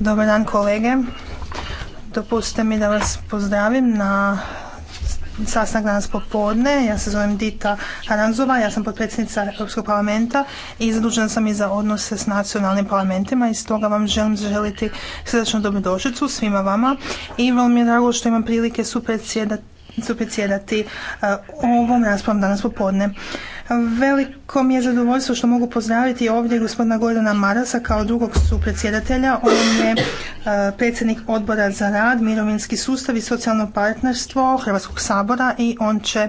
Dobar dan kolege. Dopustite mi da vas pozdravim na sastanak danas popodne. Ja se zovem Dita Aranzova, ja sam potpredsjednica Europskog parlamenta i zadužena sam i za odnose s nacionalnim parlamentima i stoga vam želim zaželiti srdečnu dobrodošlicu svima vama i vrlo mi je drago što imam prilike supredsjedati uh, ovom raspravom danas popodne. Veliko mi je zadovoljstvo što mogu pozdraviti ovdje gospodina Gordana Marasa kao drugog supredsjedatelja. On je e, predsjednik odbora za rad, mirovinski sustav i socijalno partnerstvo Hrvatskog sabora i on će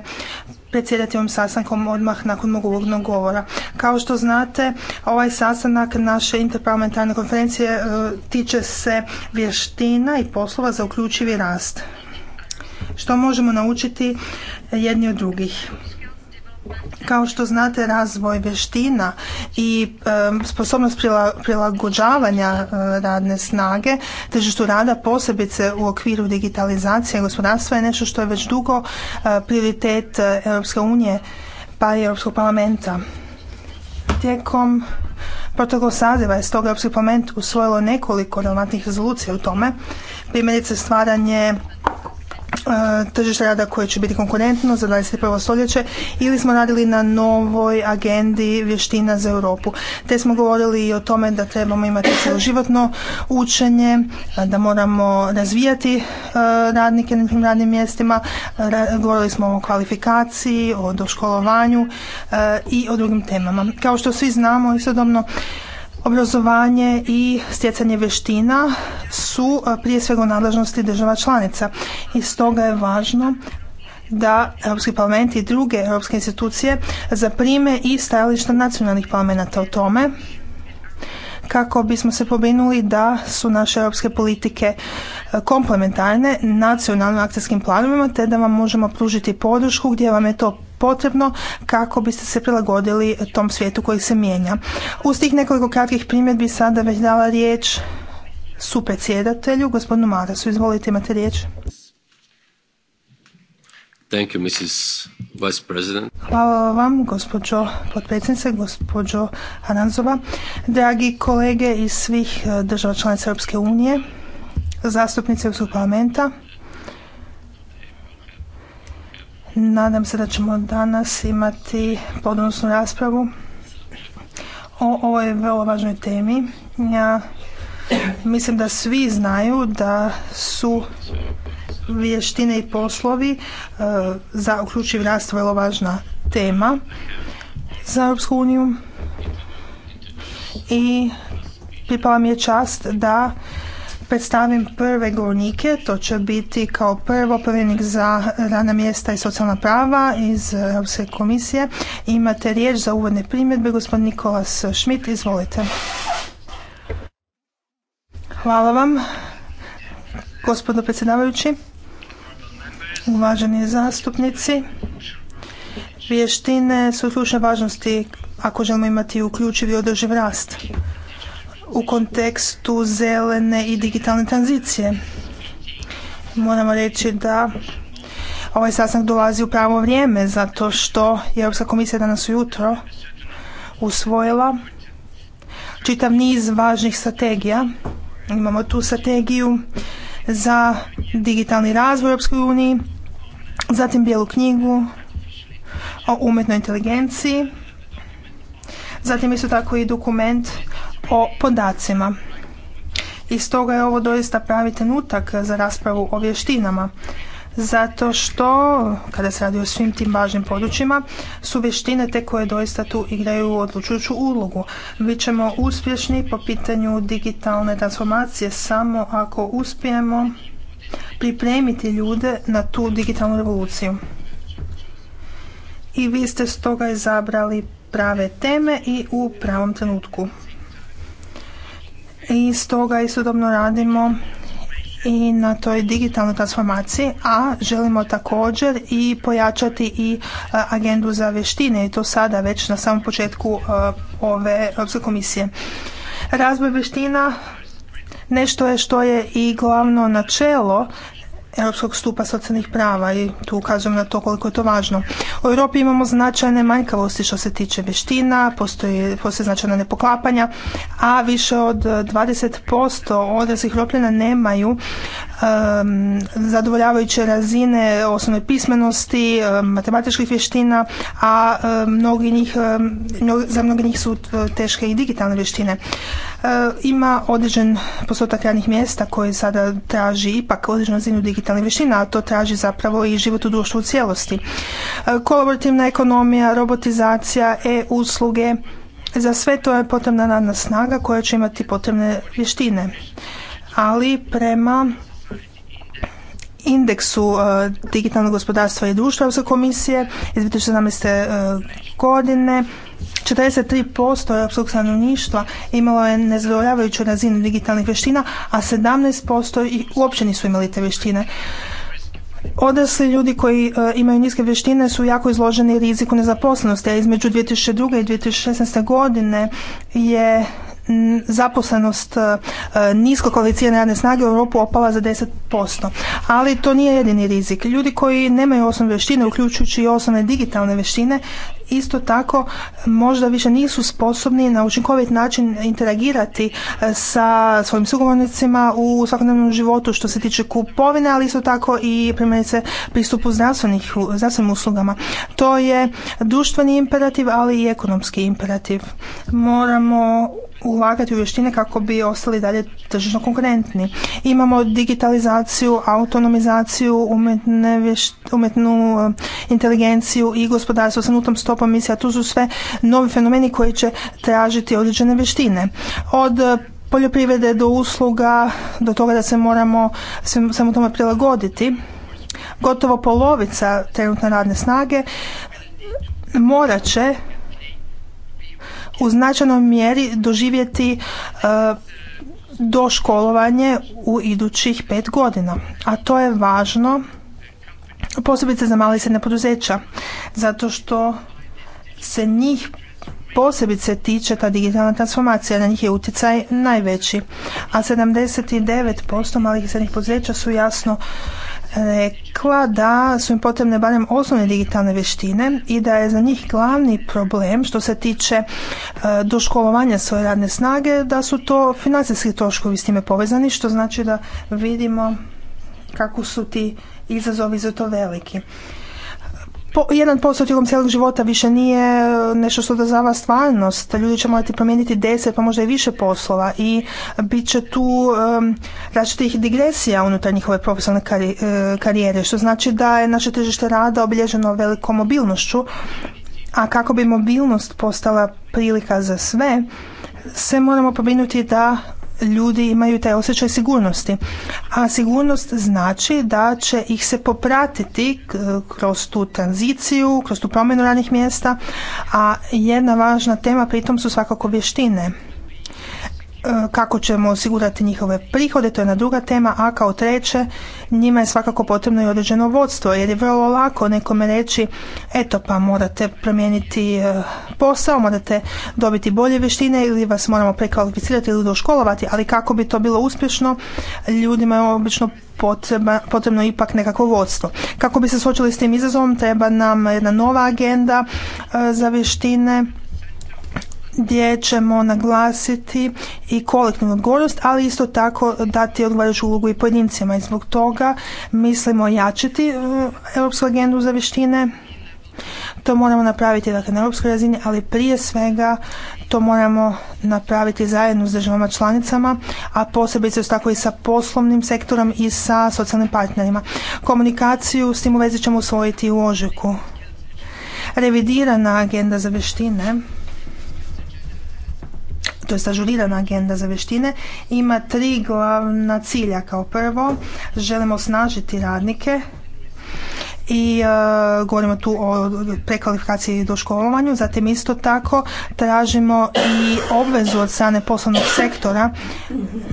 predsjedati ovim sastankom odmah nakon mog uvodnog govora. Kao što znate, ovaj sastanak naše interparlamentarne konferencije e, tiče se vještina i poslova za uključivi rast. Što možemo naučiti jedni od drugih? Kao što znate, razvoj vještina i sposobnost prilagođavanja e, radne snage tržištu rada, posebice u okviru digitalizacije gospodarstva je nešto što je već dugo e, prioritet e, Europske unije pa i Europskog parlamenta. Tijekom protokol saziva je stoga Europski parlament usvojilo nekoliko relevantnih rezolucija u tome, primjerice stvaranje E, tržište rada koje će biti konkurentno za 21. stoljeće ili smo radili na novoj agendi vještina za Europu. Te smo govorili i o tome da trebamo imati životno učenje, da moramo razvijati e, radnike na tim radnim mjestima. Govorili smo o kvalifikaciji, o doškolovanju e, i o drugim temama. Kao što svi znamo, istodobno Obrazovanje i stjecanje vještina su e, prije svega u nadležnosti država članica i stoga je važno da Europski parlament i druge europske institucije zaprime i stajališta nacionalnih parlamenta o tome kako bismo se pobrinuli da su naše europske politike e, komplementarne nacionalnim akcijskim planovima te da vam možemo pružiti podršku gdje vam je to potrebno kako biste se prilagodili tom svijetu koji se mijenja. Uz tih nekoliko kratkih primjedbi sada već dala riječ su gospodinu Marasu. Izvolite, imate riječ. Hvala vam, gospođo potpredsjednice, gospođo Aranzova. Dragi kolege iz svih e, država članica Europske unije, zastupnice Europskog parlamenta, nadam se da ćemo danas imati podnosnu raspravu o ovoj vrlo važnoj temi. Ja mislim da svi znaju da su vještine i poslovi e, za uključiv rast vrlo važna tema za Europsku uniju i pripala mi je čast da predstavim prve govornike, to će biti kao prvo povjerenik za rana mjesta i socijalna prava iz Europske komisije. Imate riječ za uvodne primjedbe, gospodin Nikolas Šmit, izvolite. Hvala vam, gospodo predsjedavajući uvaženi zastupnici. Vještine su ključne važnosti ako želimo imati uključivi održiv rast u kontekstu zelene i digitalne tranzicije. Moramo reći da ovaj sastanak dolazi u pravo vrijeme zato što je Europska komisija danas ujutro usvojila čitav niz važnih strategija. Imamo tu strategiju za digitalni razvoj u Europskoj uniji, zatim bijelu knjigu o umjetnoj inteligenciji, zatim isto tako i dokument o podacima. I stoga je ovo doista pravi trenutak za raspravu o vještinama. Zato što, kada se radi o svim tim važnim područjima, su vještine te koje doista tu igraju odlučujuću ulogu. Bićemo uspješni po pitanju digitalne transformacije samo ako uspijemo pripremiti ljude na tu digitalnu revoluciju. I vi ste stoga izabrali prave teme i u pravom trenutku. I stoga istodobno radimo i na toj digitalnoj transformaciji, a želimo također i pojačati i e, agendu za vještine i to sada već na samom početku e, ove Europske komisije. Razvoj vještina nešto je što je i glavno načelo Europskog stupa socijalnih prava i tu ukazujem na to koliko je to važno. U Europi imamo značajne manjkavosti što se tiče vještina, postoje, postoje značajna nepoklapanja, a više od 20% odraslih Europljana nemaju um, zadovoljavajuće razine osnovne pismenosti, matematičkih vještina, a mnogi njih, za mnogi njih su e, teške i digitalne vještine. E, ima određen postotak radnih mjesta koji sada traži ipak određenu razinu digitalnih vještina, a to traži zapravo i život u društvu u cijelosti. E, kolaborativna ekonomija, robotizacija, e-usluge, za sve to je potrebna radna snaga koja će imati potrebne vještine. Ali prema indeksu e, digitalnog gospodarstva i društva Europske komisije iz 2017. E, godine 43% europskog stanovništva imalo je nezadovoljavajuću razinu digitalnih vještina, a 17% i uopće nisu imali te vještine. Odrasli ljudi koji e, imaju niske vještine su jako izloženi riziku nezaposlenosti, a između 2002. i 2016. godine je zaposlenost e, nisko kvalificirane radne snage u Europu opala za 10%. Ali to nije jedini rizik. Ljudi koji nemaju osnovne veštine, uključujući i osnovne digitalne veštine, isto tako možda više nisu sposobni na učinkovit način interagirati e, sa svojim sugovornicima u svakodnevnom životu što se tiče kupovine, ali isto tako i primjerice pristupu zdravstvenih, zdravstvenim uslugama. To je društveni imperativ, ali i ekonomski imperativ. Moramo ulagati u vještine kako bi ostali dalje tržišno konkurentni. Imamo digitalizaciju, autonomizaciju, umjetnu eh, inteligenciju i gospodarstvo sa nutom stopom misija. Tu su sve novi fenomeni koji će tražiti određene vještine. Od eh, poljoprivrede do usluga, do toga da se moramo samo tome prilagoditi, gotovo polovica trenutne radne snage morat će u značajnoj mjeri doživjeti e, doškolovanje u idućih pet godina. A to je važno posebice za malih i srednja poduzeća, zato što se njih posebice tiče ta digitalna transformacija, na njih je utjecaj najveći. A 79% malih i srednjih poduzeća su jasno rekla da su im potrebne barem osnovne digitalne vještine i da je za njih glavni problem što se tiče e, doškolovanja svoje radne snage da su to financijski troškovi s time povezani što znači da vidimo kako su ti izazovi za to veliki po, jedan posao tijekom cijelog života više nije e, nešto što dozava stvarnost. Ljudi će morati promijeniti deset pa možda i više poslova i bit će tu um, različitih digresija unutar njihove profesionalne e, karijere, što znači da je naše tržište rada obilježeno velikom mobilnošću, a kako bi mobilnost postala prilika za sve, se moramo pobrinuti da ljudi imaju taj osjećaj sigurnosti. A sigurnost znači da će ih se popratiti kroz tu tranziciju, kroz tu promjenu radnih mjesta, a jedna važna tema pritom su svakako vještine. E, kako ćemo osigurati njihove prihode, to je jedna druga tema, a kao treće njima je svakako potrebno i određeno vodstvo jer je vrlo lako nekome reći eto pa morate promijeniti e, posao, morate dobiti bolje vještine ili vas moramo prekvalificirati ili doškolovati, ali kako bi to bilo uspješno ljudima je obično potrebno ipak nekako vodstvo. Kako bi se suočili s tim izazovom treba nam jedna nova agenda e, za vještine gdje ćemo naglasiti i kolektivnu odgovornost, ali isto tako dati odgovarajuću ulogu i pojedincima. I zbog toga mislimo jačiti e, Europsku agendu za vještine. To moramo napraviti dakle, na europskoj razini, ali prije svega to moramo napraviti zajedno s državama članicama, a posebice tako i sa poslovnim sektorom i sa socijalnim partnerima. Komunikaciju s tim u vezi ćemo usvojiti u ožujku. Revidirana agenda za vještine to je stažurirana agenda za vještine, ima tri glavna cilja. Kao prvo, želimo osnažiti radnike i e, govorimo tu o prekvalifikaciji i doškolovanju. Zatim isto tako tražimo i obvezu od strane poslovnog sektora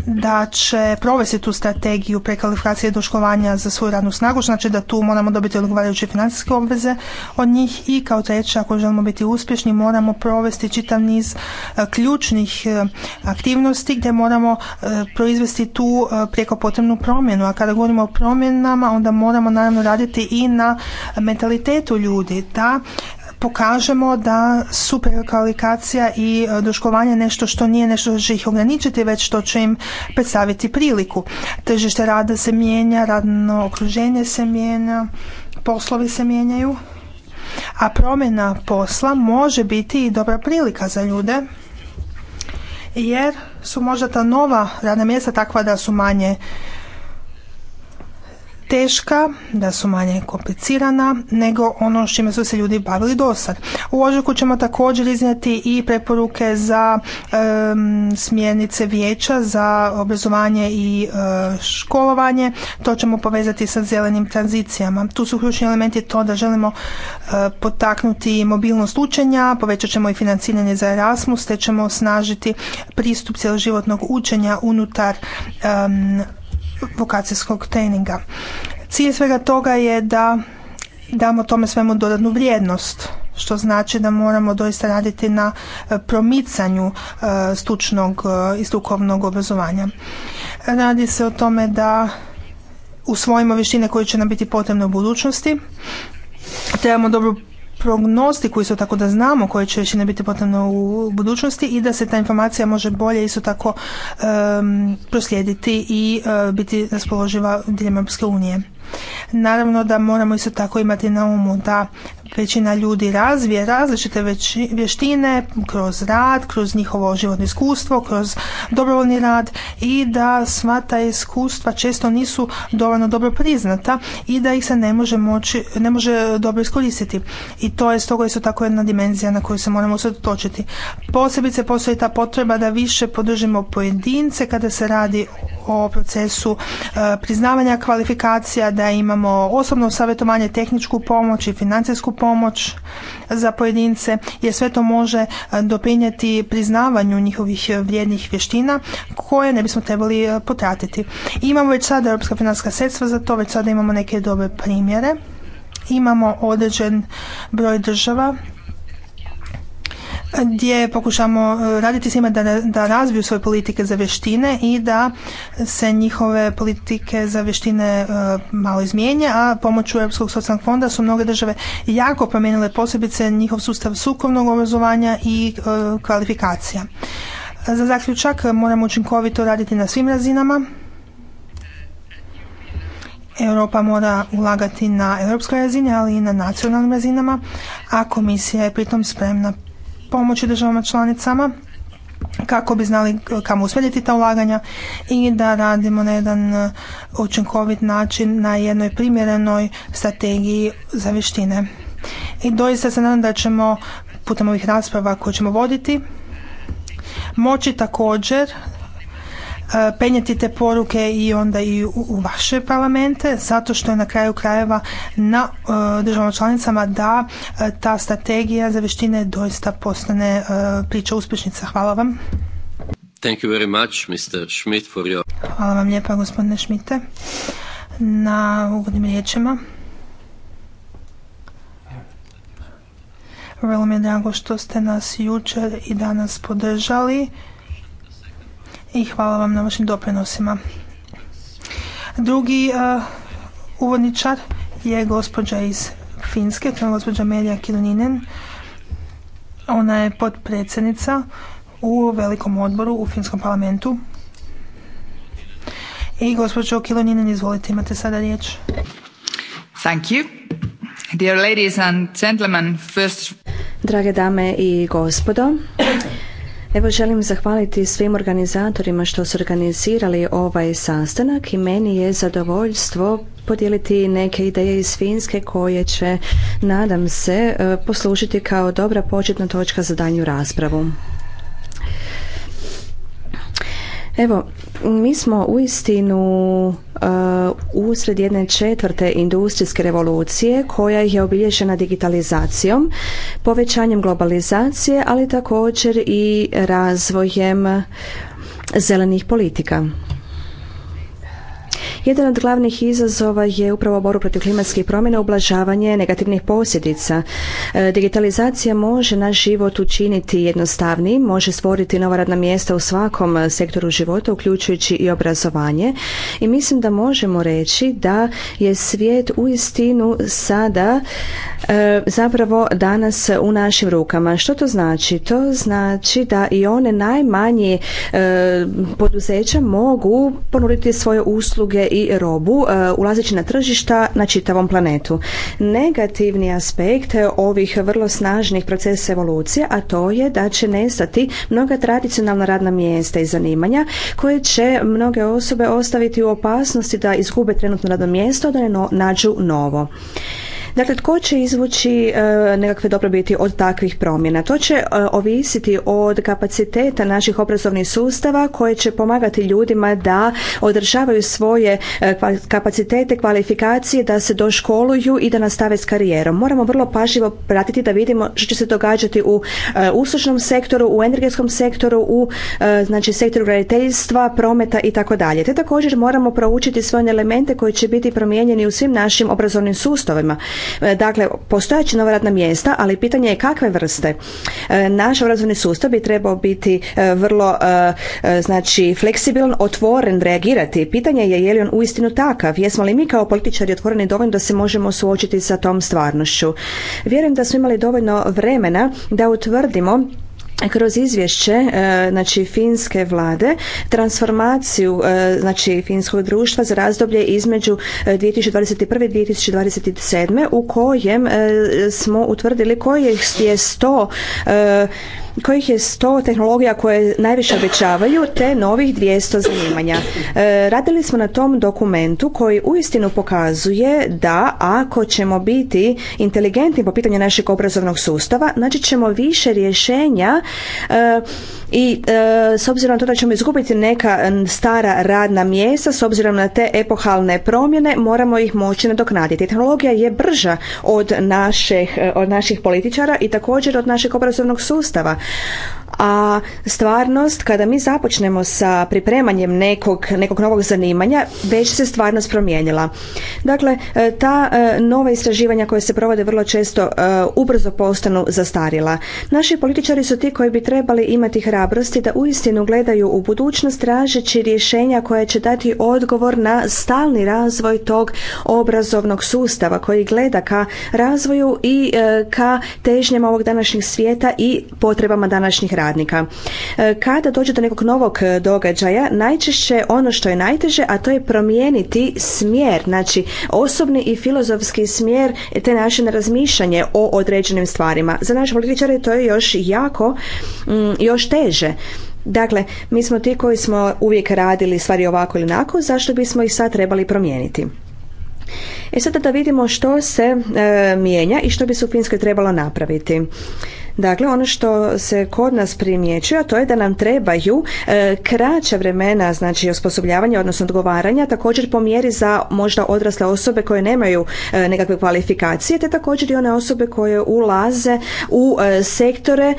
da će provesti tu strategiju prekvalifikacije i doškolovanja za svoju radnu snagu, znači da tu moramo dobiti odgovarajuće financijske obveze od njih i kao treće ako želimo biti uspješni moramo provesti čitav niz e, ključnih e, aktivnosti gdje moramo proizvesti tu prijeko potrebnu promjenu. A kada govorimo o promjenama onda moramo naravno raditi i na mentalitetu ljudi, da pokažemo da su prekvalifikacija i e, doškolovanje nešto što nije nešto što će ih ograničiti, već što će im predstaviti priliku. Tržište rada se mijenja, radno okruženje se mijenja, poslovi se mijenjaju, a promjena posla može biti i dobra prilika za ljude jer su možda ta nova radna mjesta takva da su manje teška, da su manje komplicirana nego ono s čime su se ljudi bavili dosad. U ožujku ćemo također iznijeti i preporuke za um, smjernice vijeća za obrazovanje i e, školovanje. To ćemo povezati sa zelenim tranzicijama. Tu su ključni elementi to da želimo e, potaknuti mobilnost učenja, povećat ćemo i financiranje za Erasmus, te ćemo snažiti pristup cijeloživotnog učenja unutar vokacijskog treninga. Cilj svega toga je da damo tome svemu dodatnu vrijednost što znači da moramo doista raditi na e, promicanju e, stručnog e, i strukovnog obrazovanja. Radi se o tome da usvojimo vještine koje će nam biti potrebne u budućnosti. Trebamo dobro prognostiku isto tako da znamo koje će ne biti potrebno u budućnosti i da se ta informacija može bolje isto tako um, proslijediti i e, biti raspoloživa diljem Europske unije. Naravno da moramo isto tako imati na umu da većina ljudi razvije različite vještine kroz rad, kroz njihovo životno iskustvo, kroz dobrovoljni rad i da sva ta iskustva često nisu dovoljno dobro priznata i da ih se ne može, moći, ne može dobro iskoristiti. I to je stoga isto tako jedna dimenzija na koju se moramo usredotočiti Posebice postoji ta potreba da više podržimo pojedince kada se radi o procesu e, priznavanja kvalifikacija, da imamo osobno savjetovanje, tehničku pomoć i financijsku pomoć za pojedince, jer sve to može e, doprinijeti priznavanju njihovih e, vrijednih vještina koje ne bismo trebali e, potratiti. Imamo već sada europska financijska sredstva za to, već sada imamo neke dobre primjere. Imamo određen broj država gdje pokušamo e, raditi s njima da, da razviju svoje politike za vještine i da se njihove politike za vještine e, malo izmijenje, a pomoću Europskog socijalnog fonda su mnoge države jako promijenile posebice njihov sustav sukovnog obrazovanja i e, kvalifikacija. Za zaključak moramo učinkovito raditi na svim razinama. Europa mora ulagati na europskoj razini, ali i na nacionalnim razinama, a komisija je pritom spremna pomoći državama članicama kako bi znali kamo usmjeriti ta ulaganja i da radimo na jedan e, učinkovit način na jednoj primjerenoj strategiji za vještine. I doista se nadam da ćemo putem ovih rasprava koje ćemo voditi moći također E, penjeti te poruke i onda i u vaše parlamente zato što je na kraju krajeva na e, državama članicama da e, ta strategija za vještine doista postane priča uspješnica. Hvala vam. Hvala vam lijepa gospodine Šmite na ugodnim riječima. Vrlo mi je drago što ste nas jučer i danas podržali i hvala vam na vašim doprinosima. Drugi eh, uvodničar je gospođa iz Finske, to je gospođa Melija Kiloninen. Ona je potpredsjednica u velikom odboru u Finskom parlamentu. I gospođo Kiloninen, izvolite, imate sada riječ. Thank you. Dear ladies and gentlemen, first... Drage dame i gospodo, Evo želim zahvaliti svim organizatorima što su organizirali ovaj sastanak i meni je zadovoljstvo podijeliti neke ideje iz Finske koje će, nadam se, e, poslužiti kao dobra početna točka za danju raspravu. Evo, mi smo istinu... Uh, usred jedne četvrte industrijske revolucije koja je obilježena digitalizacijom, povećanjem globalizacije, ali također i razvojem zelenih politika. Jedan od glavnih izazova je upravo boru protiv klimatskih promjena, ublažavanje negativnih posljedica. E, digitalizacija može naš život učiniti jednostavnijim, može stvoriti nova radna mjesta u svakom e, sektoru života, uključujući i obrazovanje. I mislim da možemo reći da je svijet u istinu sada e, zapravo danas u našim rukama. Što to znači? To znači da i one najmanje poduzeća mogu ponuditi svoje usluge i robu e, ulazeći na tržišta na čitavom planetu. Negativni aspekt e, ovih vrlo snažnih procesa evolucije, a to je da će nestati mnoga tradicionalna radna mjesta i zanimanja koje će mnoge osobe ostaviti u opasnosti da izgube trenutno radno mjesto, da ne nađu novo. Dakle, tko će izvući e, nekakve dobrobiti od takvih promjena? To će e, ovisiti od kapaciteta naših obrazovnih sustava koje će pomagati ljudima da održavaju svoje e, kapacitete, kvalifikacije, da se doškoluju i da nastave s karijerom. Moramo vrlo pažljivo pratiti da vidimo što će se događati u uslužnom sektoru, u energetskom sektoru, u znači sektoru graditeljstva, prometa i tako dalje. Te također moramo proučiti svoje elemente koji će biti promijenjeni u svim našim obrazovnim sustavima. E, dakle, postojaće nova radna mjesta, ali pitanje je kakve vrste. E, naš obrazovni sustav bi trebao biti e, vrlo znači fleksibilan, otvoren, reagirati. Pitanje je je li on uistinu takav. Jesmo li mi kao političari otvoreni dovoljno da se možemo suočiti sa tom stvarnošću. Vjerujem da smo imali dovoljno vremena da utvrdimo kroz izvješće e, znači finske vlade transformaciju e, znači finskog društva za razdoblje između 2021. E, i 2027. u kojem smo utvrdili koji je sto kojih je 100 tehnologija koje najviše obećavaju te novih 200 zanimanja. E, radili smo na tom dokumentu koji uistinu pokazuje da ako ćemo biti inteligentni po pitanju našeg obrazovnog sustava, znači ćemo više rješenja e, i e, s obzirom na to da ćemo izgubiti neka stara radna mjesta, s obzirom na te epohalne promjene, moramo ih moći nadoknaditi. Tehnologija je brža od naših, od naših političara i također od našeg obrazovnog sustava i a stvarnost kada mi započnemo sa pripremanjem nekog, nekog novog zanimanja već se stvarnost promijenila. Dakle, e, ta e, nova istraživanja koja se provode vrlo često e, ubrzo postanu zastarila. Naši političari su ti koji bi trebali imati hrabrosti da uistinu gledaju u budućnost tražeći rješenja koja će dati odgovor na stalni razvoj tog obrazovnog sustava koji gleda ka razvoju i ka težnjama ovog današnjeg svijeta i potrebama današnjih radnika. E, kada dođe do nekog novog e, događaja, najčešće ono što je najteže, a to je promijeniti smjer, znači osobni i filozofski smjer te naše razmišljanje o određenim stvarima. Za naše političare to je još jako, mm, još teže. Dakle, mi smo ti koji smo uvijek radili stvari ovako ili onako, zašto bismo ih sad trebali promijeniti? E sada da vidimo što se e, mijenja i što bi se u Finskoj trebalo napraviti. Dakle, ono što se kod nas primjećuje, to je da nam trebaju e, kraća vremena, znači osposobljavanja, odnosno odgovaranja, također po mjeri za možda odrasle osobe koje nemaju e, nekakve kvalifikacije, te također i one osobe koje ulaze u e, sektore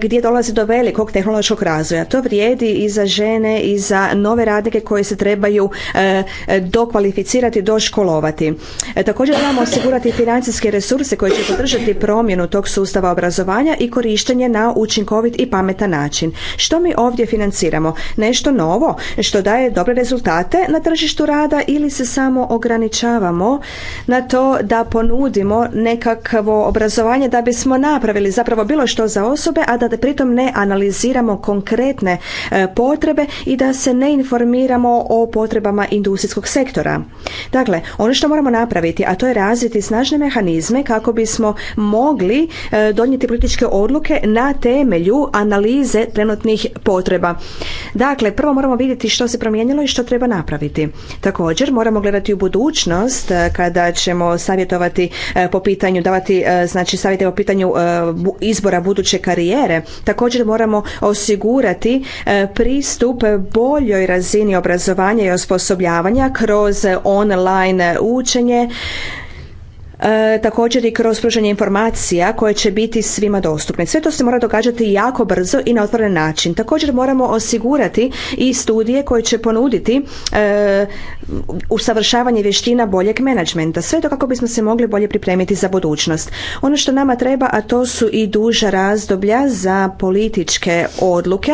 gdje dolazi do velikog tehnološkog razvoja. To vrijedi i za žene i za nove radnike koje se trebaju dokvalificirati, doškolovati. Također trebamo osigurati financijske resurse koje će podržati promjenu tog sustava obrazovanja i korištenje na učinkovit i pametan način. Što mi ovdje financiramo? Nešto novo što daje dobre rezultate na tržištu rada ili se samo ograničavamo na to da ponudimo nekakvo obrazovanje da bismo napravili zapravo bilo što za osobe, a da pritom ne analiziramo konkretne e, potrebe i da se ne informiramo o potrebama industrijskog sektora. Dakle, ono što moramo napraviti, a to je razviti snažne mehanizme kako bismo mogli e, donijeti političke odluke na temelju analize trenutnih potreba. Dakle, prvo moramo vidjeti što se promijenilo i što treba napraviti. Također moramo gledati u budućnost e, kada ćemo savjetovati e, po pitanju, davati e, znači savjete po pitanju izbora buduće karijere. Također moramo osigurati pristup boljoj razini obrazovanja i osposobljavanja kroz online učenje E, također i kroz pružanje informacija koje će biti svima dostupne. Sve to se mora događati jako brzo i na otvoren način. Također moramo osigurati i studije koje će ponuditi e, usavršavanje vještina boljeg menadžmenta. Sve to kako bismo se mogli bolje pripremiti za budućnost. Ono što nama treba, a to su i duža razdoblja za političke odluke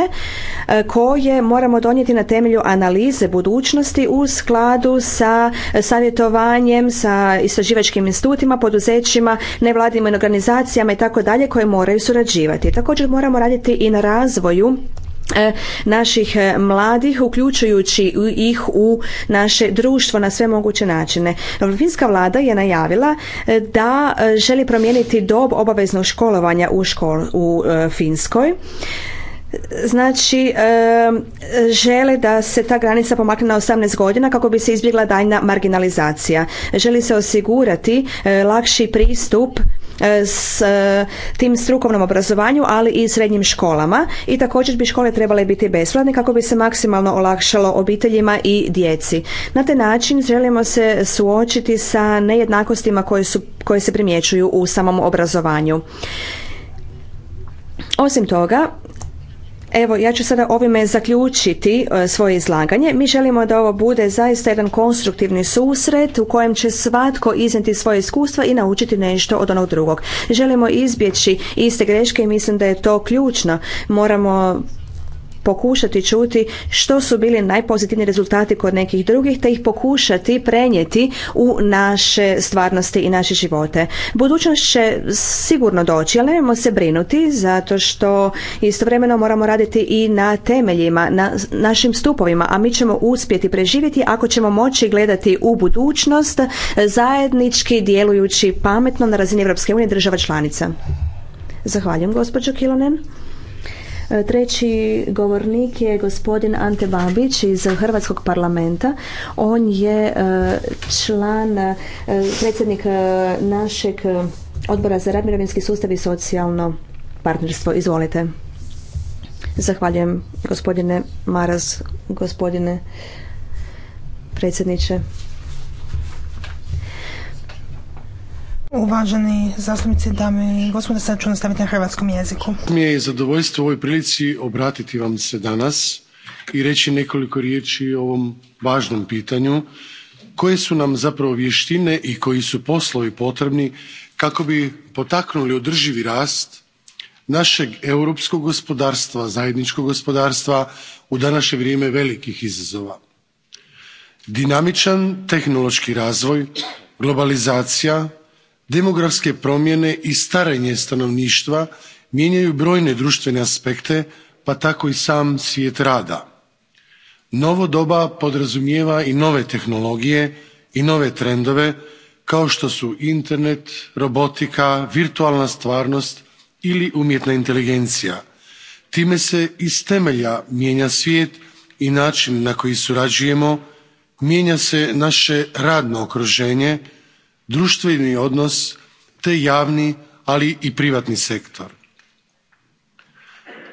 e, koje moramo donijeti na temelju analize budućnosti u skladu sa savjetovanjem, sa istraživačkim institucijama institutima, poduzećima, nevladinim organizacijama i tako dalje koje moraju surađivati. Također moramo raditi i na razvoju e, naših e, mladih uključujući ih u naše društvo na sve moguće načine. Finska vlada je najavila e, da želi promijeniti dob obaveznog školovanja u, u Finskoj znači žele da se ta granica pomakne na 18 godina kako bi se izbjegla daljna marginalizacija. Želi se osigurati e, lakši pristup e, s e, tim strukovnom obrazovanju, ali i srednjim školama i također bi škole trebale biti besplatne kako bi se maksimalno olakšalo obiteljima i djeci. Na taj način želimo se suočiti sa nejednakostima koje, su, koje se primjećuju u samom obrazovanju. Osim toga, Evo, ja ću sada ovime zaključiti e, svoje izlaganje. Mi želimo da ovo bude zaista jedan konstruktivni susret u kojem će svatko iznijeti svoje iskustva i naučiti nešto od onog drugog. Želimo izbjeći iste greške i mislim da je to ključno. Moramo pokušati čuti što su bili najpozitivniji rezultati kod nekih drugih te ih pokušati prenijeti u naše stvarnosti i naše živote. Budućnost će sigurno doći, ali nemojmo se brinuti zato što istovremeno moramo raditi i na temeljima, na našim stupovima, a mi ćemo uspjeti preživjeti ako ćemo moći gledati u budućnost zajednički djelujući pametno na razini Europske unije država članica. Zahvaljujem gospođo Kilonen. Treći govornik je gospodin Ante Babić iz Hrvatskog parlamenta. On je e, član, e, predsjednik e, našeg odbora za rad mirovinski sustav i socijalno partnerstvo. Izvolite. Zahvaljujem gospodine Maras, gospodine predsjedniče. Uvaženi zastupnici, dame i gospodine, sad ću nastaviti na hrvatskom jeziku. Mi je zadovoljstvo u ovoj prilici obratiti vam se danas i reći nekoliko riječi o ovom važnom pitanju koje su nam zapravo vještine i koji su poslovi potrebni kako bi potaknuli održivi rast našeg europskog gospodarstva, zajedničkog gospodarstva u današnje vrijeme velikih izazova. Dinamičan tehnološki razvoj, globalizacija, demografske promjene i starenje stanovništva mijenjaju brojne društvene aspekte pa tako i sam svijet rada. novo doba podrazumijeva i nove tehnologije i nove trendove kao što su internet robotika virtualna stvarnost ili umjetna inteligencija. time se iz temelja mijenja svijet i način na koji surađujemo mijenja se naše radno okruženje društveni odnos te javni ali i privatni sektor.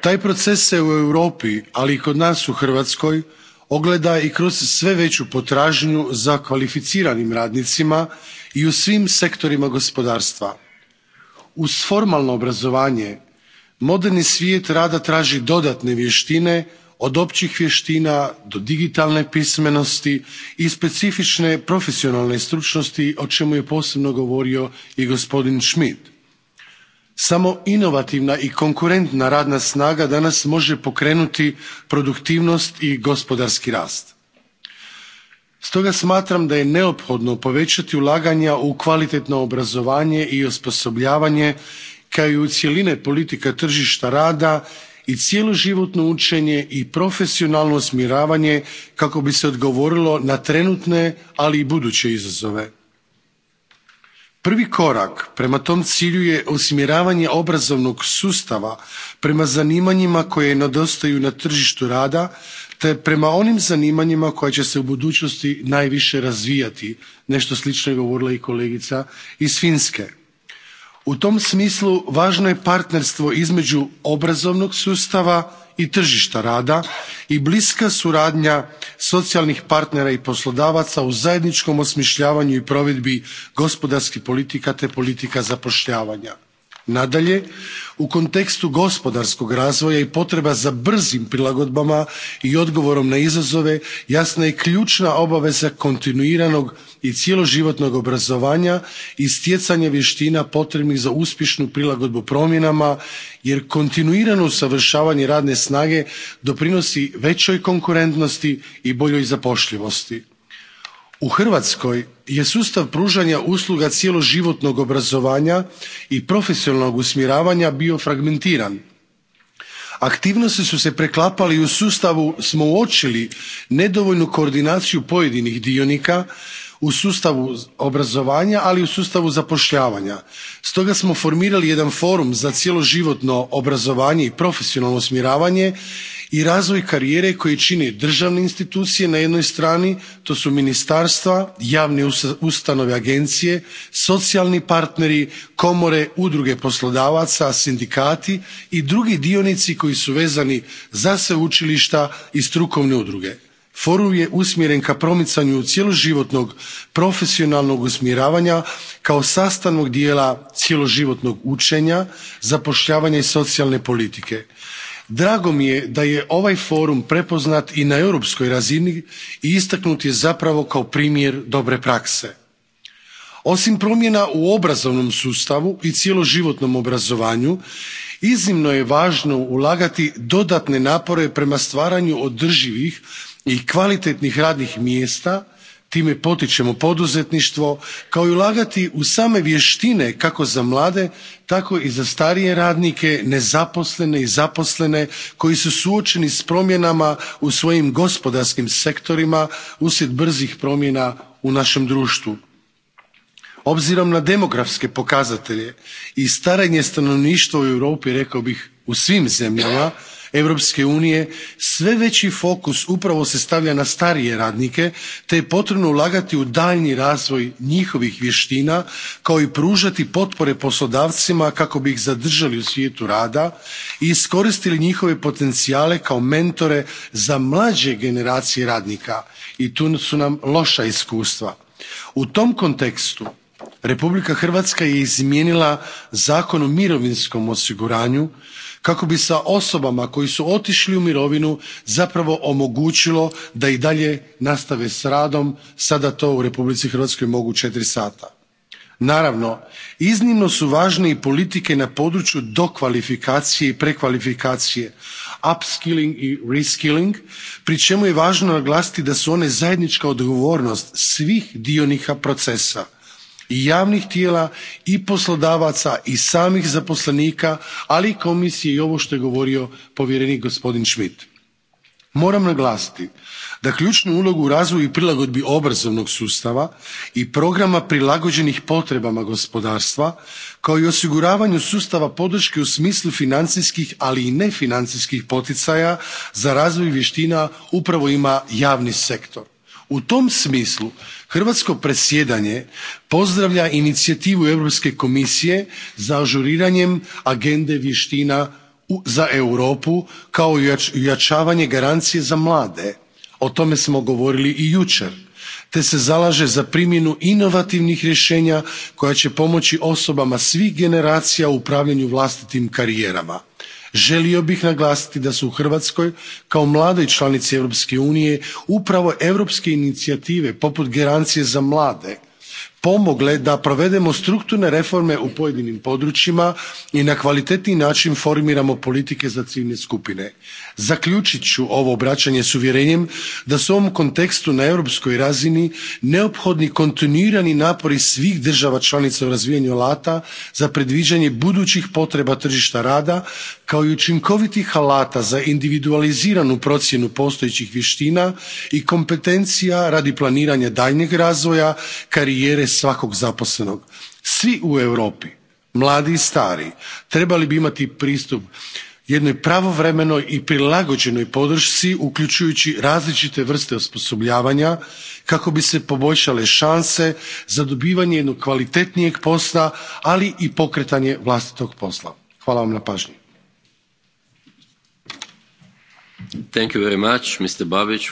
taj proces se u europi ali i kod nas u hrvatskoj ogleda i kroz sve veću potražnju za kvalificiranim radnicima i u svim sektorima gospodarstva. uz formalno obrazovanje moderni svijet rada traži dodatne vještine od općih vještina do digitalne pismenosti i specifične profesionalne stručnosti o čemu je posebno govorio i gospodin Schmidt. samo inovativna i konkurentna radna snaga danas može pokrenuti produktivnost i gospodarski rast. stoga smatram da je neophodno povećati ulaganja u kvalitetno obrazovanje i osposobljavanje kao i u cjeline politika tržišta rada i cjeloživotno učenje i profesionalno usmjeravanje kako bi se odgovorilo na trenutne ali i buduće izazove. prvi korak prema tom cilju je usmjeravanje obrazovnog sustava prema zanimanjima koje nedostaju na tržištu rada te prema onim zanimanjima koja će se u budućnosti najviše razvijati. nešto slično je govorila i kolegica iz finske u tom smislu važno je partnerstvo između obrazovnog sustava i tržišta rada i bliska suradnja socijalnih partnera i poslodavaca u zajedničkom osmišljavanju i provedbi gospodarskih politika te politika zapošljavanja nadalje u kontekstu gospodarskog razvoja i potreba za brzim prilagodbama i odgovorom na izazove jasna je ključna obaveza kontinuiranog i cjeloživotnog obrazovanja i stjecanja vještina potrebnih za uspješnu prilagodbu promjenama jer kontinuirano usavršavanje radne snage doprinosi većoj konkurentnosti i boljoj zapošljivosti u hrvatskoj je sustav pružanja usluga cjeloživotnog obrazovanja i profesionalnog usmjeravanja bio fragmentiran. aktivnosti su se preklapale i u sustavu smo uočili nedovoljnu koordinaciju pojedinih dionika u sustavu obrazovanja ali i u sustavu zapošljavanja. stoga smo formirali jedan forum za cjeloivotno obrazovanje i profesionalno usmjeravanje i razvoj karijere koji čine državne institucije na jednoj strani to su ministarstva javne ustanove agencije socijalni partneri komore udruge poslodavaca sindikati i drugi dionici koji su vezani za sveučilišta i strukovne udruge. forum je usmjeren ka promicanju cjeloživotnog profesionalnog usmjeravanja kao sastavnog dijela cjeloživotnog učenja zapošljavanja i socijalne politike drago mi je da je ovaj forum prepoznat i na europskoj razini i istaknut je zapravo kao primjer dobre prakse. osim promjena u obrazovnom sustavu i cjeloživotnom obrazovanju iznimno je važno ulagati dodatne napore prema stvaranju održivih i kvalitetnih radnih mjesta time potičemo poduzetništvo kao i ulagati u same vještine kako za mlade tako i za starije radnike nezaposlene i zaposlene koji su suočeni s promjenama u svojim gospodarskim sektorima uslijed brzih promjena u našem društvu. obzirom na demografske pokazatelje i starenje stanovništva u europi rekao bih u svim zemljama europske unije sve veći fokus upravo se stavlja na starije radnike te je potrebno ulagati u daljnji razvoj njihovih vještina kao i pružati potpore poslodavcima kako bi ih zadržali u svijetu rada i iskoristili njihove potencijale kao mentore za mlađe generacije radnika i tu su nam loša iskustva. u tom kontekstu republika hrvatska je izmijenila zakon o mirovinskom osiguranju kako bi sa osobama koji su otišli u mirovinu zapravo omogućilo da i dalje nastave s radom sada to u republici hrvatskoj mogu četiri sata. naravno iznimno su važne i politike na području dokvalifikacije i prekvalifikacije upskilling i reskilling pri čemu je važno naglasiti da su one zajednička odgovornost svih dionika procesa i javnih tijela i poslodavaca i samih zaposlenika ali i komisije i ovo što je govorio povjerenik gospodin schmidt. moram naglasiti da ključnu ulogu u razvoju i prilagodbi obrazovnog sustava i programa prilagođenih potrebama gospodarstva kao i osiguravanju sustava podrške u smislu financijskih ali i nefinancijskih poticaja za razvoj vještina upravo ima javni sektor. u tom smislu hrvatsko predsjedanje pozdravlja inicijativu europske komisije za ažuriranjem agende vještina za europu kao i ojačavanje garancije za mlade o tome smo govorili i jučer te se zalaže za primjenu inovativnih rješenja koja će pomoći osobama svih generacija u upravljanju vlastitim karijerama želio bih naglasiti da su u hrvatskoj kao mladoj članici europske unije upravo europske inicijative poput garancije za mlade pomogle da provedemo strukturne reforme u pojedinim područjima i na kvalitetniji način formiramo politike za ciljne skupine. zaključit ću ovo obraćanje s uvjerenjem da su u ovom kontekstu na europskoj razini neophodni kontinuirani napori svih država članica u razvijanju alata za predviđanje budućih potreba tržišta rada kao i učinkovitih alata za individualiziranu procjenu postojećih vještina i kompetencija radi planiranja daljnjeg razvoja karijere svakog zaposlenog. svi u europi mladi i stari trebali bi imati pristup jednoj pravovremenoj i prilagođenoj podršci uključujući različite vrste osposobljavanja kako bi se poboljšale šanse za dobivanje jednog kvalitetnijeg posla ali i pokretanje vlastitog posla. hvala vam na pažnji. Thank you very Babić,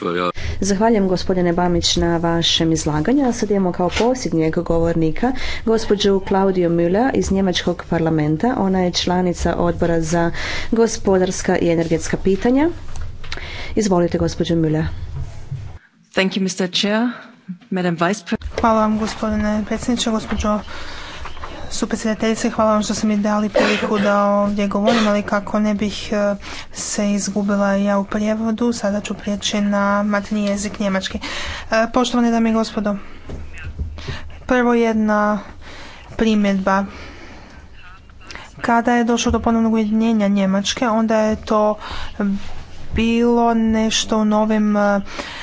Zahvaljujem gospodine Bamić na vašem izlaganju, a sad imamo kao posljednjeg govornika gospođu Claudio Müller iz Njemačkog parlamenta. Ona je članica odbora za gospodarska i energetska pitanja. Izvolite gospođo Müller. Hvala vam gospodine predsjedniče, gospođo supredsjedateljice, hvala vam što ste mi dali priliku da ovdje govorim, ali kako ne bih e, se izgubila ja u prijevodu, sada ću prijeći na matni jezik njemački. E, poštovane dame i gospodo, prvo jedna primjedba. Kada je došlo do ponovnog ujedinjenja Njemačke, onda je to bilo nešto u novim e,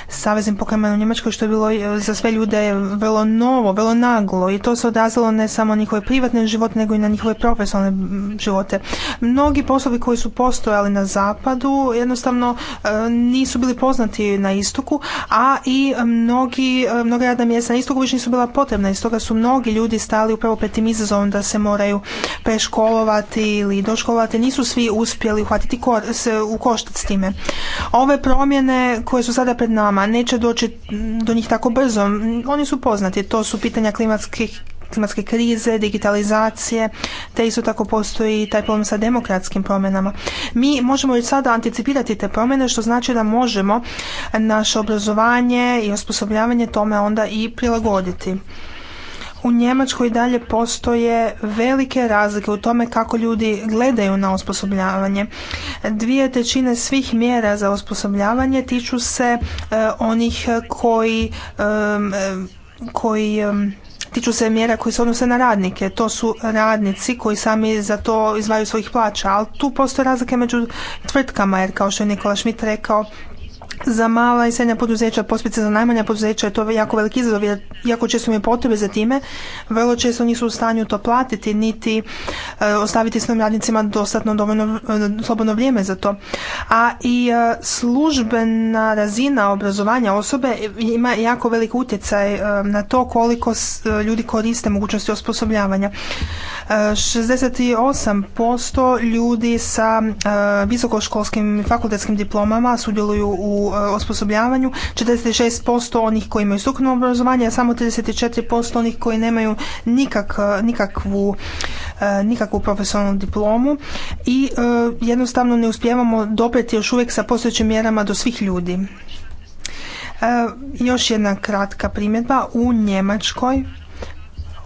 saveznim pokremenima u Njemačkoj što je bilo e, za sve ljude vrlo novo, vrlo naglo i to se odrazilo ne samo na njihove privatne živote nego i na njihove profesionalne živote. Mnogi poslovi koji su postojali na zapadu jednostavno e, nisu bili poznati na istoku, a i mnogi, mnoga radna mjesta na istoku više nisu bila potrebna i stoga su mnogi ljudi stali upravo pred tim izazovom da se moraju preškolovati ili doškolovati. Nisu svi uspjeli uhvatiti se u koštac s time. Ove promjene koje su sada pred nama neće doći do njih tako brzo. Oni su poznati. To su pitanja klimatskih klimatske krize, digitalizacije, te isto tako postoji taj problem sa demokratskim promjenama. Mi možemo i sada anticipirati te promjene, što znači da možemo naše obrazovanje i osposobljavanje tome onda i prilagoditi u Njemačkoj i dalje postoje velike razlike u tome kako ljudi gledaju na osposobljavanje. Dvije tečine svih mjera za osposobljavanje tiču se e, onih koji koji tiču se mjera koji se odnose na radnike. To su radnici koji sami za to izvaju svojih plaća, ali tu postoje razlike među tvrtkama, jer kao što je Nikola Šmit rekao, za mala i srednja poduzeća, pospice za najmanja poduzeća je to jako veliki izazov jer jako često imaju potrebe za time, vrlo često nisu u stanju to platiti niti e, ostaviti svojim radnicima dostatno dovoljno e, slobodno vrijeme za to. A i e, službena razina obrazovanja osobe ima jako velik utjecaj na to koliko ljudi koriste mogućnosti osposobljavanja. 68% ljudi sa visokoškolskim i fakultetskim diplomama sudjeluju u osposobljavanju, 46% onih koji imaju strukovno obrazovanje, a samo 34% onih koji nemaju nikak, nikakvu, eh, nikakvu profesionalnu diplomu i eh, jednostavno ne uspijevamo dopreti još uvijek sa postojećim mjerama do svih ljudi. Eh, još jedna kratka primjedba. U Njemačkoj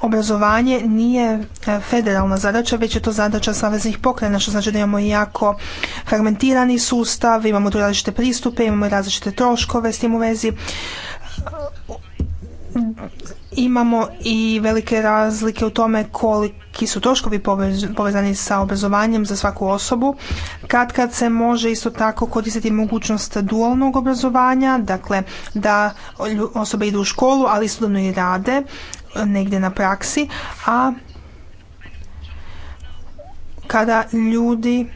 obrazovanje nije e, federalna zadaća, već je to zadaća saveznih pokrena, što znači da imamo jako fragmentirani sustav, imamo tu različite pristupe, imamo različite troškove s tim u vezi. Imamo i velike razlike u tome koliki su troškovi povezani sa obrazovanjem za svaku osobu. Kad kad se može isto tako koristiti mogućnost dualnog obrazovanja, dakle da osobe idu u školu, ali istodobno i rade negdje na praksi, a kada ljudi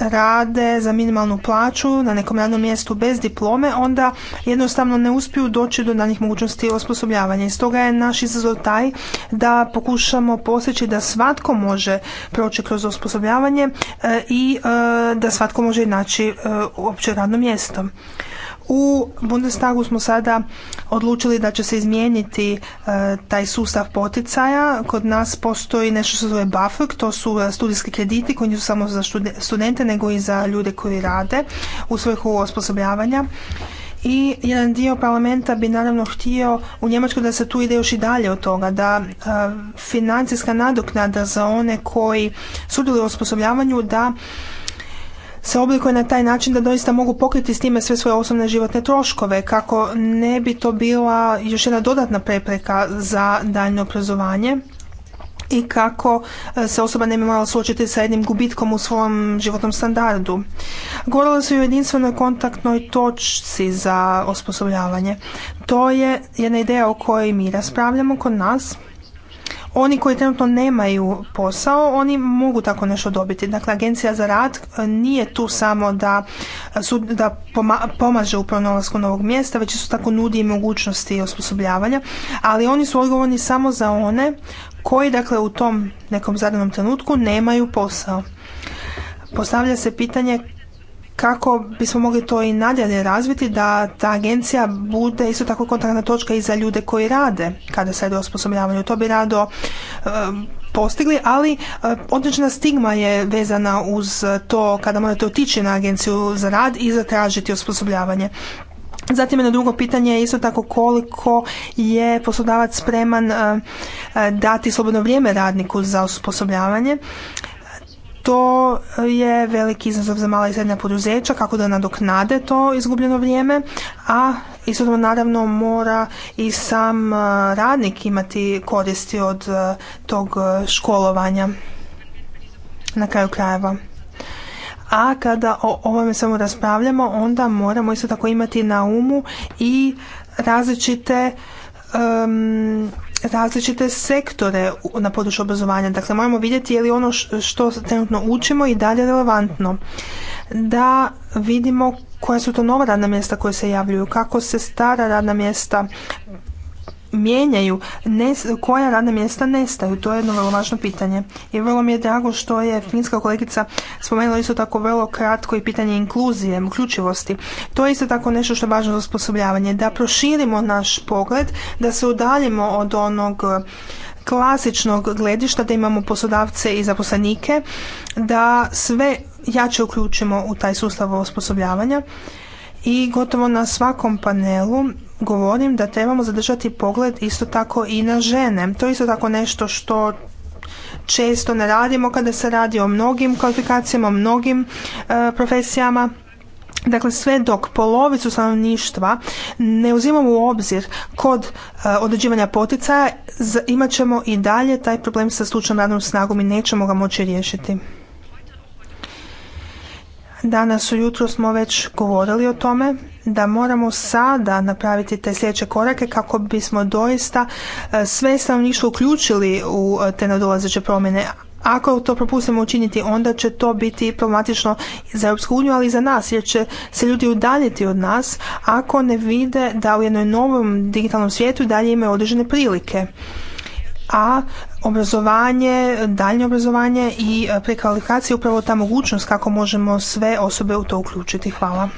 rade za minimalnu plaću na nekom radnom mjestu bez diplome, onda jednostavno ne uspiju doći do danih mogućnosti osposobljavanja. I stoga je naš izazov taj da pokušamo posjeći da svatko može proći kroz osposobljavanje e, i e, da svatko može naći e, uopće radno mjesto. U Bundestagu smo sada odlučili da će se izmijeniti e, taj sustav poticaja. Kod nas postoji nešto što se zove BAföG, to su e, studijski krediti koji nisu samo za studente nego i za ljude koji rade u svrhu osposobljavanja i jedan dio parlamenta bi naravno htio u Njemačkoj da se tu ide još i dalje od toga, da e, financijska nadoknada za one koji sudjeluju u osposobljavanju da se oblikuje na taj način da doista mogu pokriti s time sve svoje osobne životne troškove kako ne bi to bila još jedna dodatna prepreka za daljnje obrazovanje i kako e, se osoba ne bi morala suočiti sa jednim gubitkom u svom životnom standardu. Govorilo se o jedinstvenoj kontaktnoj točci za osposobljavanje. To je jedna ideja o kojoj mi raspravljamo kod nas oni koji trenutno nemaju posao, oni mogu tako nešto dobiti. Dakle, Agencija za rad e, nije tu samo da, e, da pomaže u pronalasku novog mjesta, već su tako nudi i mogućnosti osposobljavanja, ali oni su odgovorni samo za one koji dakle u tom nekom zadanom trenutku nemaju posao. Postavlja se pitanje kako bismo mogli to i nadalje razviti da ta agencija bude isto tako kontaktna točka i za ljude koji rade kada se radi o osposobljavanju. To bi rado e, postigli, ali e, određena stigma je vezana uz to kada morate otići na agenciju za rad i zatražiti osposobljavanje. Zatim jedno drugo pitanje je isto tako koliko je poslodavac spreman e, dati slobodno vrijeme radniku za osposobljavanje to je veliki izazov za mala i srednja poduzeća kako da nadoknade to izgubljeno vrijeme, a istotno naravno mora i sam radnik imati koristi od tog školovanja na kraju krajeva. A kada o ovome samo raspravljamo, onda moramo isto tako imati na umu i različite različite sektore na području obrazovanja. Dakle, moramo vidjeti je li ono što trenutno učimo i dalje relevantno. Da vidimo koja su to nova radna mjesta koja se javljuju, kako se stara radna mjesta mijenjaju, koja radna mjesta nestaju, to je jedno vrlo važno pitanje. I vrlo mi je drago što je finska kolegica spomenula isto tako vrlo kratko i pitanje inkluzije, uključivosti. To je isto tako nešto što je važno za osposobljavanje, da proširimo naš pogled, da se udaljimo od onog eh, klasičnog gledišta da imamo poslodavce i zaposlenike, da sve jače uključimo u taj sustav osposobljavanja i gotovo na svakom panelu govorim da trebamo zadržati pogled isto tako i na žene. To je isto tako nešto što često ne radimo kada se radi o mnogim kvalifikacijama, o mnogim e, profesijama. Dakle, sve dok polovicu stanovništva ne uzimamo u obzir kod e, određivanja poticaja, imat ćemo i dalje taj problem sa slučajnom radnom snagom i nećemo ga moći riješiti. Danas ujutro smo već govorili o tome da moramo sada napraviti te sljedeće korake kako bismo doista e, sve stanovništvo uključili u e, te nadolazeće promjene. Ako to propustimo učiniti, onda će to biti problematično za Europsku uniju, ali i za nas, jer će se ljudi udaljiti od nas ako ne vide da u jednom novom digitalnom svijetu dalje imaju određene prilike. A obrazovanje, daljnje obrazovanje i e, prekvalifikacije, upravo ta mogućnost kako možemo sve osobe u to uključiti. Hvala.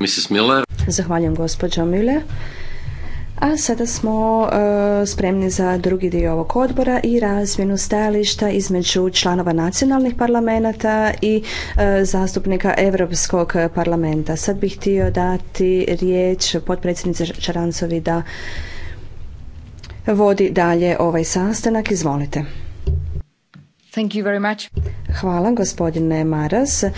Mrs. Miller. Zahvaljujem gospođo Miller. A sada smo e, spremni za drugi dio ovog odbora i razmjenu stajališta između članova nacionalnih parlamenta i e, zastupnika Europskog parlamenta. Sad bih htio dati riječ potpredsjednici Čarancovi da vodi dalje ovaj sastanak. Izvolite. Thank Hvala gospodine Maras. E,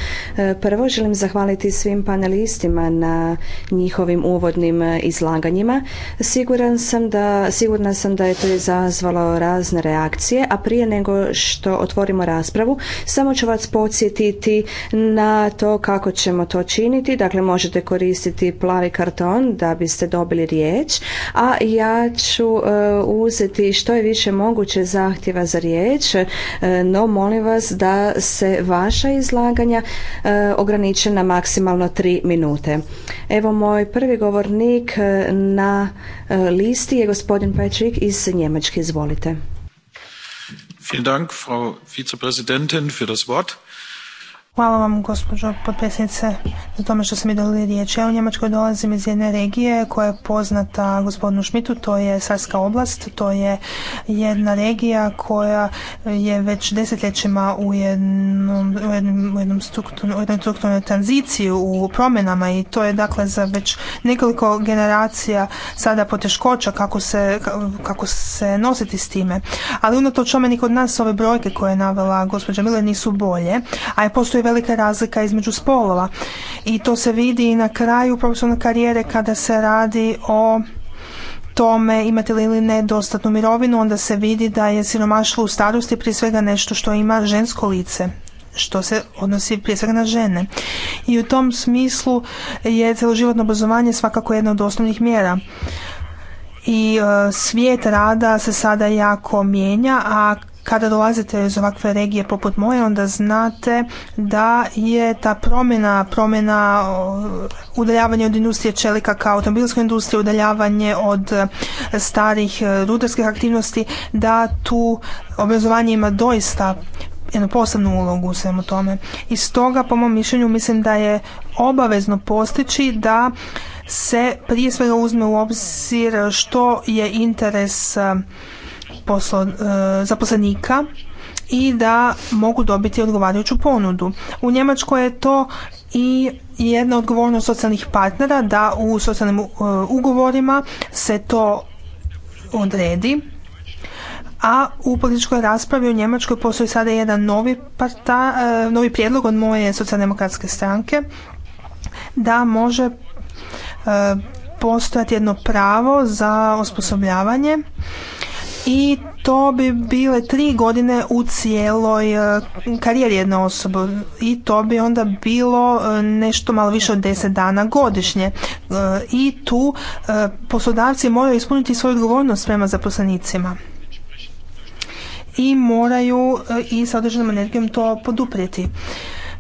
prvo želim zahvaliti svim panelistima na njihovim uvodnim e, izlaganjima. Siguran sam da, sigurna sam da je to izazvalo razne reakcije, a prije nego što otvorimo raspravu, samo ću vas podsjetiti na to kako ćemo to činiti. Dakle, možete koristiti plavi karton da biste dobili riječ, a ja ću e, uzeti što je više moguće zahtjeva za riječ no molim vas da se vaša izlaganja e, ograniče na maksimalno tri minute. Evo moj prvi govornik e, na e, listi je gospodin Pajčik iz Njemačke. Izvolite. Vielen Hvala vam, gospođo potpredsjednice, za tome što ste mi dali riječ. Ja u Njemačkoj dolazim iz jedne regije koja je poznata gospodinu Šmitu, to je Sarska oblast, to je jedna regija koja je već desetljećima u, jednom, u, jednom, strukturnoj tranziciji u promjenama i to je dakle za već nekoliko generacija sada poteškoća kako se, nositi s time. Ali unatoč tome ni kod nas ove brojke koje je navela gospođa Mile nisu bolje, a je postoji postoji velika razlika između spolova i to se vidi i na kraju profesionalne karijere kada se radi o tome imate li ili ne dostatnu mirovinu, onda se vidi da je siromaštvo u starosti prije svega nešto što ima žensko lice što se odnosi prije svega na žene. I u tom smislu je celoživotno obrazovanje svakako jedna od osnovnih mjera. I e, svijet rada se sada jako mijenja, a kada dolazite iz ovakve regije poput moje, onda znate da je ta promjena, promjena uh, udaljavanje od industrije čelika kao automobilske industrije, udaljavanje od uh, starih uh, rudarskih aktivnosti, da tu obrazovanje ima doista jednu posebnu ulogu u svemu tome. I stoga, po mom mišljenju, mislim da je obavezno postići da se prije svega uzme u obzir što je interes E, zaposlenika i da mogu dobiti odgovarajuću ponudu. U Njemačkoj je to i jedna odgovornost socijalnih partnera da u socijalnim e, ugovorima se to odredi a u političkoj raspravi u Njemačkoj postoji sada jedan novi, e, novi prijedlog od moje socijaldemokratske stranke da može postojati jedno pravo za osposobljavanje i to bi bile tri godine u cijeloj e, karijeri jedne osobe i to bi onda bilo e, nešto malo više od deset dana godišnje e, i tu poslodavci moraju ispuniti svoju odgovornost prema zaposlenicima i moraju i sa određenom energijom to poduprijeti.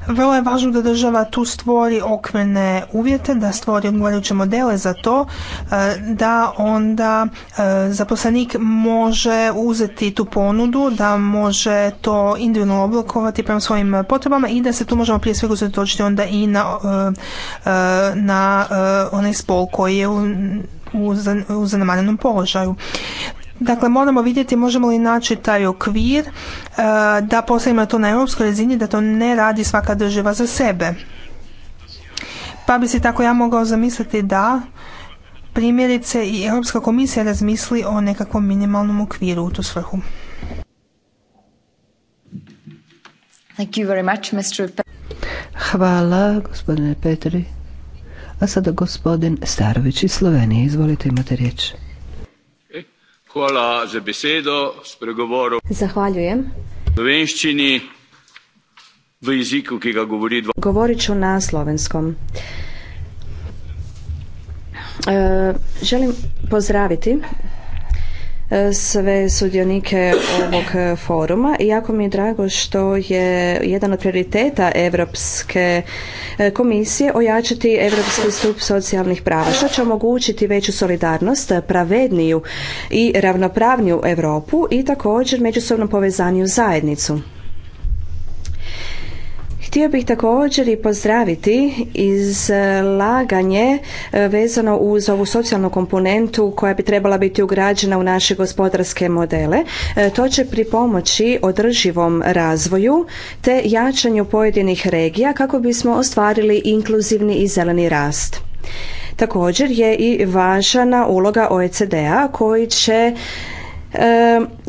Vrlo je važno da država tu stvori okvirne uvjete, da stvori odgovarajuće modele za to, e, da onda e, zaposlenik može uzeti tu ponudu, da može to individualno oblikovati prema svojim potrebama i da se tu možemo prije svega uzetočiti onda i na, e, na onaj spol koji je u u zanemarenom položaju. Dakle, moramo vidjeti možemo li naći taj okvir e, da postavimo to na europskoj razini, da to ne radi svaka država za sebe. Pa bi se tako ja mogao zamisliti da primjerice i Europska komisija razmisli o nekakvom minimalnom okviru u tu svrhu. Hvala, gospodine Petri. A sada gospodin Starović iz Slovenije. Izvolite, imate riječ. Hvala za besedo. Spregovoril. Zahvaljujem. Slovenščini v jeziku, ki ga govori dva. Govorit ću na slovenskom. E, želim pozdraviti E, sve sudionike ovog foruma i jako mi je drago što je jedan od prioriteta Europske e, komisije ojačati Europski stup socijalnih prava što će omogućiti veću solidarnost, pravedniju i ravnopravniju Europu i također međusobno povezaniju zajednicu. Htio bih također i pozdraviti izlaganje e, vezano uz ovu socijalnu komponentu koja bi trebala biti ugrađena u naše gospodarske modele. E, to će pripomoći održivom razvoju te jačanju pojedinih regija kako bismo ostvarili inkluzivni i zeleni rast. Također je i važna uloga OECD-a koji će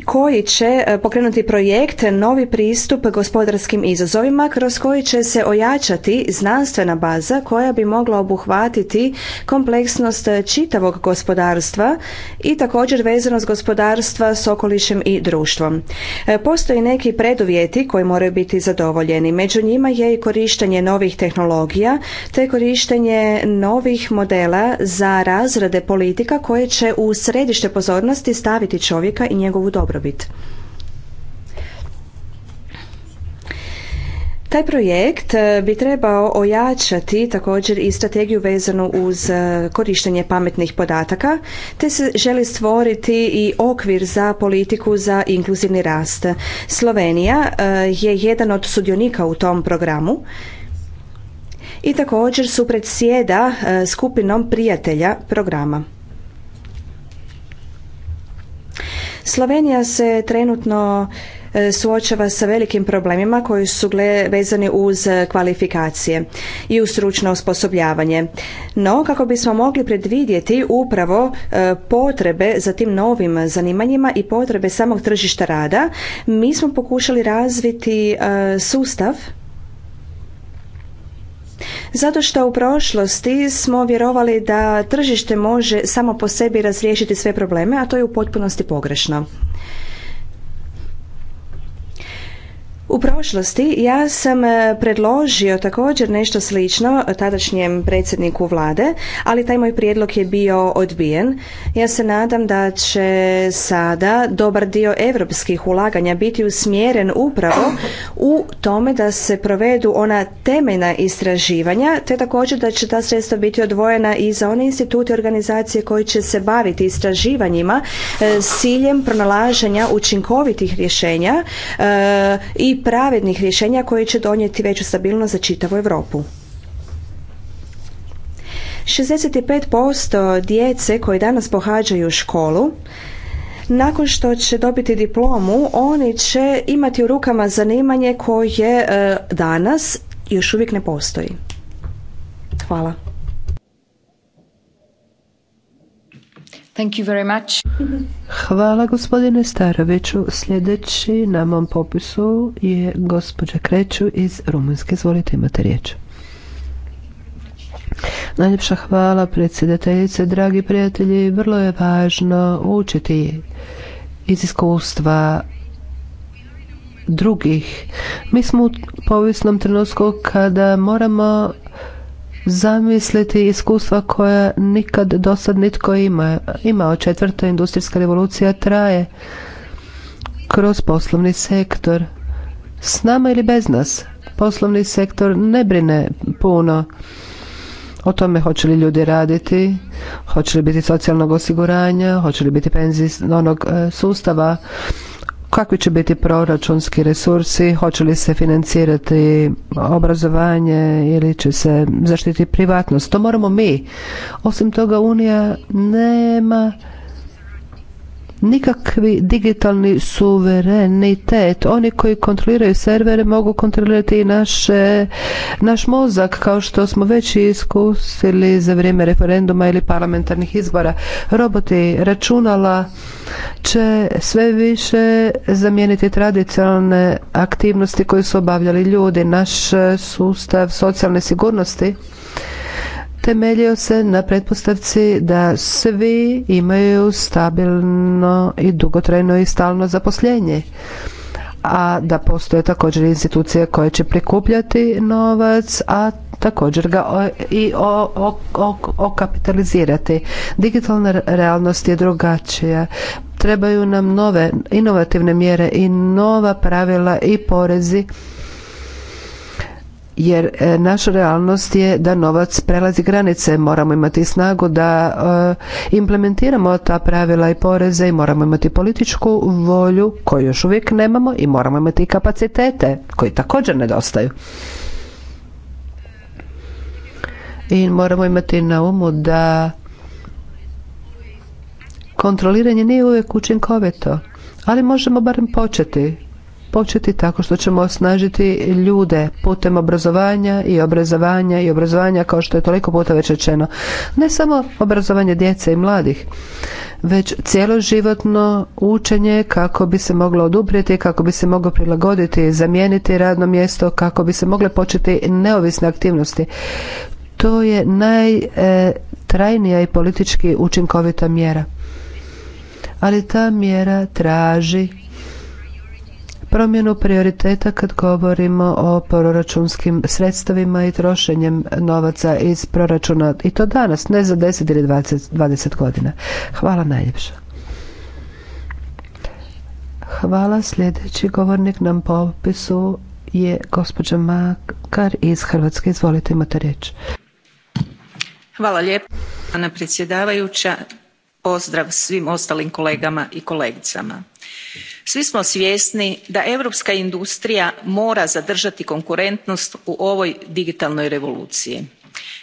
koji će e, pokrenuti projekt Novi pristup gospodarskim izazovima kroz koji će se ojačati znanstvena baza koja bi mogla obuhvatiti kompleksnost čitavog gospodarstva i također vezanost gospodarstva s okolišem i društvom. E, Postoje neki preduvjeti koji moraju biti zadovoljeni. Među njima je i korištenje novih tehnologija te korištenje novih modela za razrade politika koje će u središte pozornosti staviti čovjek čovjeka i njegovu dobrobit. Taj projekt eh, bi trebao ojačati također i strategiju vezanu uz eh, korištenje pametnih podataka, te se želi stvoriti i okvir za politiku za inkluzivni rast. Slovenija eh, je jedan od sudionika u tom programu i također su predsjeda skupinom prijatelja programa. Slovenija se trenutno e, suočava sa velikim problemima koji su vezani uz kvalifikacije i uz stručno osposobljavanje. No, kako bismo mogli predvidjeti upravo e, potrebe za tim novim zanimanjima i potrebe samog tržišta rada, mi smo pokušali razviti e, sustav zato što u prošlosti smo vjerovali da tržište može samo po sebi razriješiti sve probleme, a to je u potpunosti pogrešno. U prošlosti ja sam e, predložio također nešto slično tadašnjem predsjedniku vlade, ali taj moj prijedlog je bio odbijen. Ja se nadam da će sada dobar dio europskih ulaganja biti usmjeren upravo u tome da se provedu ona temeljna istraživanja, te također da će ta sredstva biti odvojena i za one institute i organizacije koji će se baviti istraživanjima e, s ciljem pronalaženja učinkovitih rješenja e, i pravednih rješenja koje će donijeti veću stabilnost za čitavu Europu. 65% djece koje danas pohađaju školu nakon što će dobiti diplomu, oni će imati u rukama zanimanje koje e, danas još uvijek ne postoji. Hvala. Thank you Hvala gospodine Staroviću. Sljedeći na mom popisu je gospođa Kreću iz Rumunjske. Izvolite, imate riječ. Najljepša hvala predsjedateljice, dragi prijatelji. Vrlo je važno učiti iz iskustva drugih. Mi smo u povijesnom trenutku kada moramo zamisliti iskustva koja nikad sad nitko ima. Imao četvrta industrijska revolucija traje kroz poslovni sektor. S nama ili bez nas. Poslovni sektor ne brine puno o tome hoće li ljudi raditi, hoće li biti socijalnog osiguranja, hoće li biti penzijskog e, sustava kakvi će biti proračunski resursi, hoće li se financirati obrazovanje ili će se zaštiti privatnost. To moramo mi. Osim toga Unija nema nikakvi digitalni suverenitet. Oni koji kontroliraju servere mogu kontrolirati i naše, naš mozak kao što smo već iskusili za vrijeme referenduma ili parlamentarnih izbora. Roboti računala će sve više zamijeniti tradicionalne aktivnosti koje su obavljali ljudi. Naš sustav socijalne sigurnosti temeljio se na pretpostavci da svi imaju stabilno i dugotrajno i stalno zaposljenje a da postoje također institucije koje će prikupljati novac, a također ga i okapitalizirati. Digitalna realnost je drugačija. Trebaju nam nove inovativne mjere i nova pravila i porezi jer e, naša realnost je da novac prelazi granice. Moramo imati snagu da e, implementiramo ta pravila i poreze i moramo imati političku volju koju još uvijek nemamo i moramo imati kapacitete koji također nedostaju. I moramo imati na umu da kontroliranje nije uvijek učinkovito, ali možemo barem početi početi tako što ćemo osnažiti ljude putem obrazovanja i obrazovanja i obrazovanja kao što je toliko puta već rečeno. Ne samo obrazovanje djece i mladih, već cijeloživotno učenje kako bi se moglo oduprijeti, kako bi se moglo prilagoditi, zamijeniti radno mjesto, kako bi se mogle početi neovisne aktivnosti. To je najtrajnija e, i politički učinkovita mjera. Ali ta mjera traži promjenu prioriteta kad govorimo o proračunskim sredstvima i trošenjem novaca iz proračuna i to danas, ne za 10 ili 20, godina. Hvala najljepša. Hvala. Sljedeći govornik nam po opisu je gospođa Makar iz Hrvatske. Izvolite, imate riječ. Hvala lijepo, Ana predsjedavajuća. Pozdrav svim ostalim kolegama i kolegicama svi smo svjesni da europska industrija mora zadržati konkurentnost u ovoj digitalnoj revoluciji.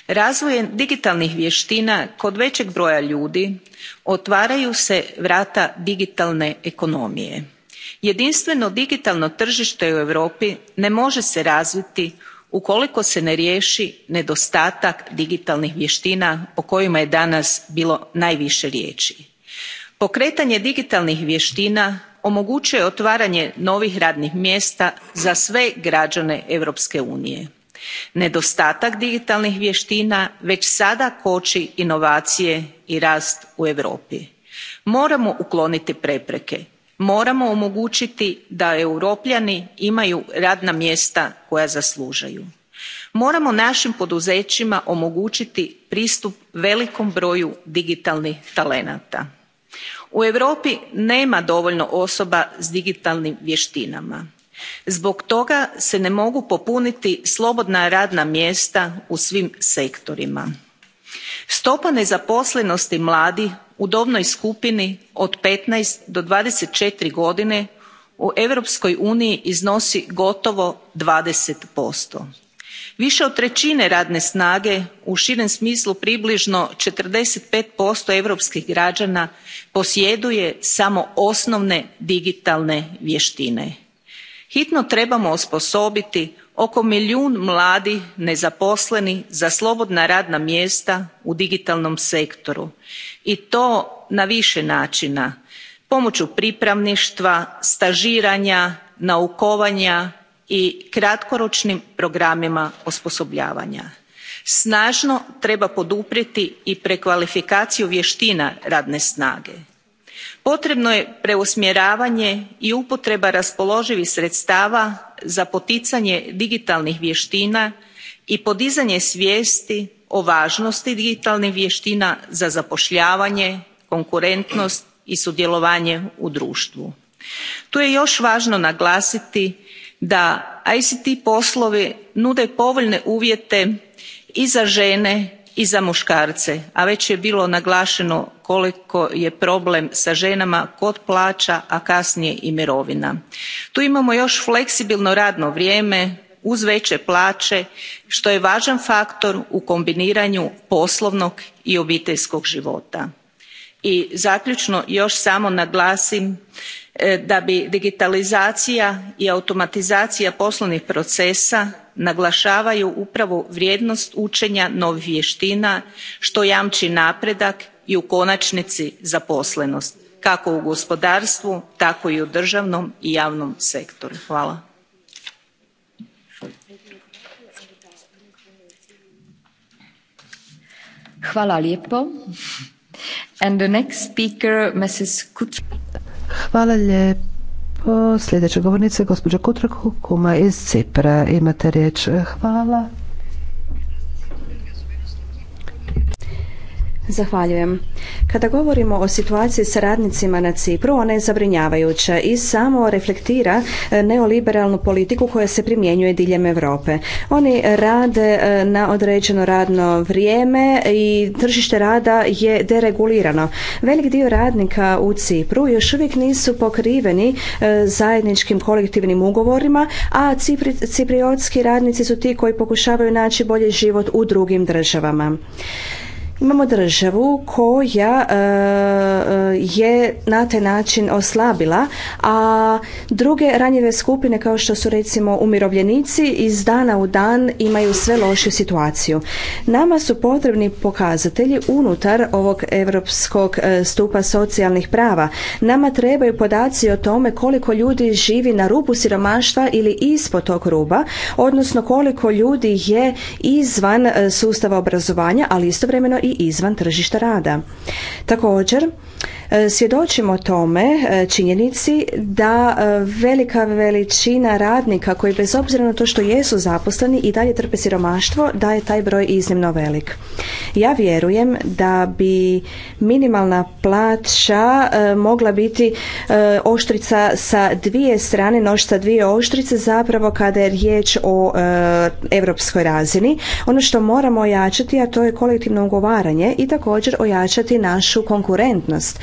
razvojem digitalnih vještina kod većeg broja ljudi otvaraju se vrata digitalne ekonomije. jedinstveno digitalno tržište u europi ne može se razviti ukoliko se ne riješi nedostatak digitalnih vještina o kojima je danas bilo najviše riječi. pokretanje digitalnih vještina omogućuje otvaranje novih radnih mjesta za sve građane europske unije. nedostatak digitalnih vještina već sada koči inovacije i rast u europi. moramo ukloniti prepreke moramo omogućiti da europljani imaju radna mjesta koja zaslužuju. moramo našim poduzećima omogućiti pristup velikom broju digitalnih talenata u europi nema dovoljno osoba s digitalnim vještinama zbog toga se ne mogu popuniti slobodna radna mjesta u svim sektorima. stopa nezaposlenosti mladih u dobnoj skupini od fifteen do twenty four godine u europskoj uniji iznosi gotovo twenty Više od treine radne snage u irem smislu priblino forty five europskih graana posjeduje samo osnovne digitalne vjetine. hitno trebamo osposobiti oko milijun mladih nezaposlenih za slobodna radna mjesta u digitalnom sektoru i to na vie naina pomou pripravništva, stažiranja, naukovanja i kratkoročnim programima osposobljavanja. snažno treba poduprijeti i prekvalifikaciju vještina radne snage. potrebno je preusmjeravanje i upotreba raspoloživih sredstava za poticanje digitalnih vještina i podizanje svijesti o važnosti digitalnih vještina za zapošljavanje konkurentnost i sudjelovanje u društvu. tu je još važno naglasiti da ict poslovi nude povoljne uvjete i za žene i za muškarce a već je bilo naglašeno koliko je problem sa ženama kod plaća a kasnije i mirovina. tu imamo još fleksibilno radno vrijeme uz veće plaće što je važan faktor u kombiniranju poslovnog i obiteljskog života i zaključno još samo naglasim e, da bi digitalizacija i automatizacija poslovnih procesa naglašavaju upravo vrijednost učenja novih vještina što jamči napredak i u konačnici zaposlenost kako u gospodarstvu tako i u državnom i javnom sektoru. hvala. hvala And the next speaker, Mrs. Hvala lijepo. Sljedeća govornica je gospođa Kutra Kukuma iz Cipra. Imate riječ. Hvala. Zahvaljujem. Kada govorimo o situaciji sa radnicima na Cipru, ona je zabrinjavajuća i samo reflektira e, neoliberalnu politiku koja se primjenjuje diljem Europe. Oni rade e, na određeno radno vrijeme i tržište rada je deregulirano. Velik dio radnika u Cipru još uvijek nisu pokriveni e, zajedničkim kolektivnim ugovorima, a cipriotski radnici su ti koji pokušavaju naći bolji život u drugim državama. Imamo državu koja e, e, je na taj način oslabila, a druge ranjive skupine kao što su recimo umirovljenici iz dana u dan imaju sve lošiju situaciju. Nama su potrebni pokazatelji unutar ovog europskog e, stupa socijalnih prava. Nama trebaju podaci o tome koliko ljudi živi na rubu siromaštva ili ispod tog ruba, odnosno koliko ljudi je izvan sustava obrazovanja, ali istovremeno i izvan tržišta rada. Također, E, svjedočimo tome e, činjenici da e, velika veličina radnika koji bez obzira na to što jesu zaposleni i dalje trpe siromaštvo, da je taj broj iznimno velik. Ja vjerujem da bi minimalna plaća mogla biti oštrica sa dvije strane, nož dvije oštrice zapravo kada je riječ o europskoj razini. Ono što moramo ojačati, a to je kolektivno ugovaranje i također ojačati našu konkurentnost.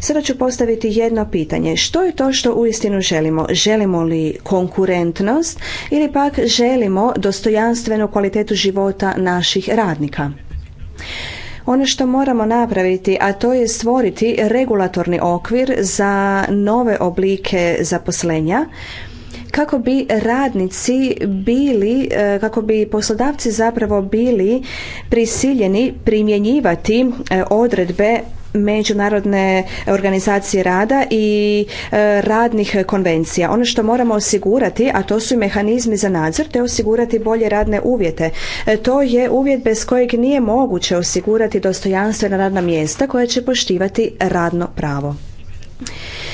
Sada ću postaviti jedno pitanje. Što je to što uistinu želimo? Želimo li konkurentnost ili pak želimo dostojanstvenu kvalitetu života naših radnika? Ono što moramo napraviti, a to je stvoriti regulatorni okvir za nove oblike zaposlenja, kako bi radnici bili, e, kako bi poslodavci zapravo bili prisiljeni primjenjivati e, odredbe međunarodne organizacije rada i e, radnih konvencija. Ono što moramo osigurati, a to su i mehanizmi za nadzor, te osigurati bolje radne uvjete. E, to je uvjet bez kojeg nije moguće osigurati dostojanstvena radna mjesta koja će poštivati radno pravo.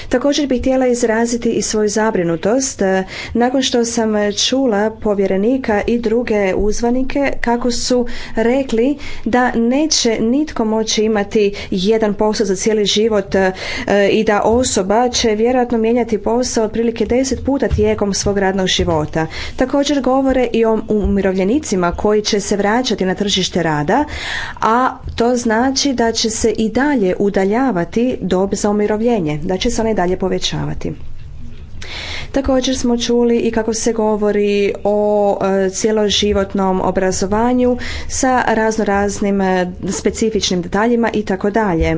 Također bih htjela izraziti i svoju zabrinutost e, nakon što sam čula povjerenika i druge uzvanike kako su rekli da neće nitko moći imati jedan posao za cijeli život e, i da osoba će vjerojatno mijenjati posao otprilike deset puta tijekom svog radnog života. Također govore i o umirovljenicima koji će se vraćati na tržište rada, a to znači da će se i dalje udaljavati dob za umirovljenje da će se one i dalje povećavati. Također smo čuli i kako se govori o e, cijeloživotnom obrazovanju sa raznoraznim e, specifičnim detaljima i tako dalje.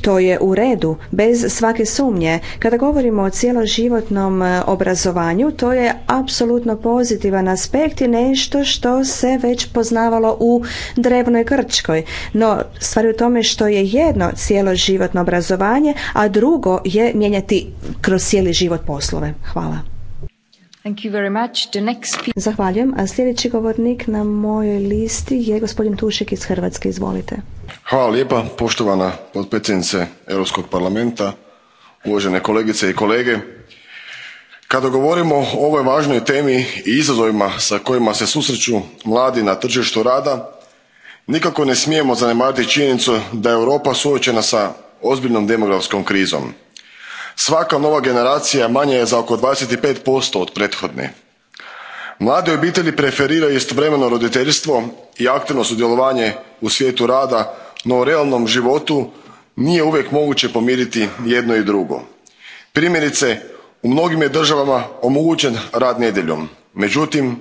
To je u redu, bez svake sumnje. Kada govorimo o cijeloživotnom e, obrazovanju, to je apsolutno pozitivan aspekt i nešto što se već poznavalo u drevnoj Grčkoj. No, stvar je u tome što je jedno cijeloživotno obrazovanje, a drugo je mijenjati kroz cijeli život poslove. Hvala. Thank you very much. The next... Zahvaljujem. A sljedeći govornik na mojoj listi je gospodin Tušek iz Hrvatske. Izvolite. Hvala lijepa, poštovana potpredsjednice Europskog parlamenta, uvažene kolegice i kolege. Kada govorimo o ovoj važnoj temi i izazovima sa kojima se susreću mladi na tržištu rada, nikako ne smijemo zanemariti činjenicu da je Europa suočena sa ozbiljnom demografskom krizom svaka nova generacija manja je za oko twenty od prethodne. mlade obitelji preferiraju istovremeno roditeljstvo i aktivno sudjelovanje u svijetu rada no u realnom životu nije uvijek moguće pomiriti jedno i drugo. primjerice u mnogim je državama omogućen rad nedjeljom međutim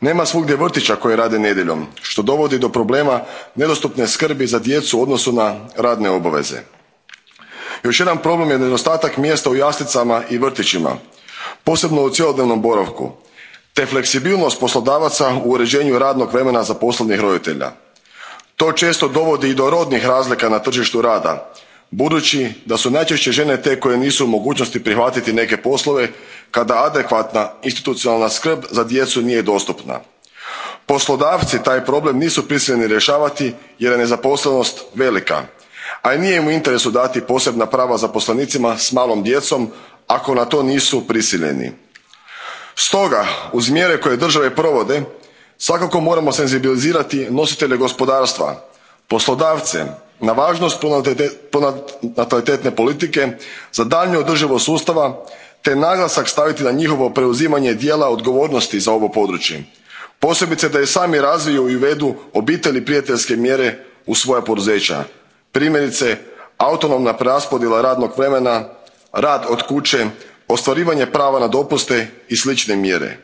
nema svugdje vrtića koji rade nedjeljom što dovodi do problema nedostupne skrbi za djecu u odnosu na radne obaveze. Još jedan problem je nedostatak mjesta u jaslicama i vrtićima, posebno u cjelodnevnom boravku, te fleksibilnost poslodavaca u uređenju radnog vremena poslovnih roditelja. To često dovodi i do rodnih razlika na tržištu rada, budući da su najčešće žene te koje nisu u mogućnosti prihvatiti neke poslove kada adekvatna institucionalna skrb za djecu nije dostupna. Poslodavci taj problem nisu prisiljeni rješavati jer je nezaposlenost velika a i nije im u interesu dati posebna prava zaposlenicima s malom djecom ako na to nisu prisiljeni. stoga uz mjere koje države provode svakako moramo senzibilizirati nositelje gospodarstva poslodavce na važnost pronatalitetne politike za daljnju održivost sustava te naglasak staviti na njihovo preuzimanje dijela odgovornosti za ovo područje posebice da je sami razviju i uvedu obitelji prijateljske mjere u svoja poduzeća. Primjerice, autonomna preraspodjela radnog vremena, rad od kuće, ostvarivanje prava na dopuste i slične mjere.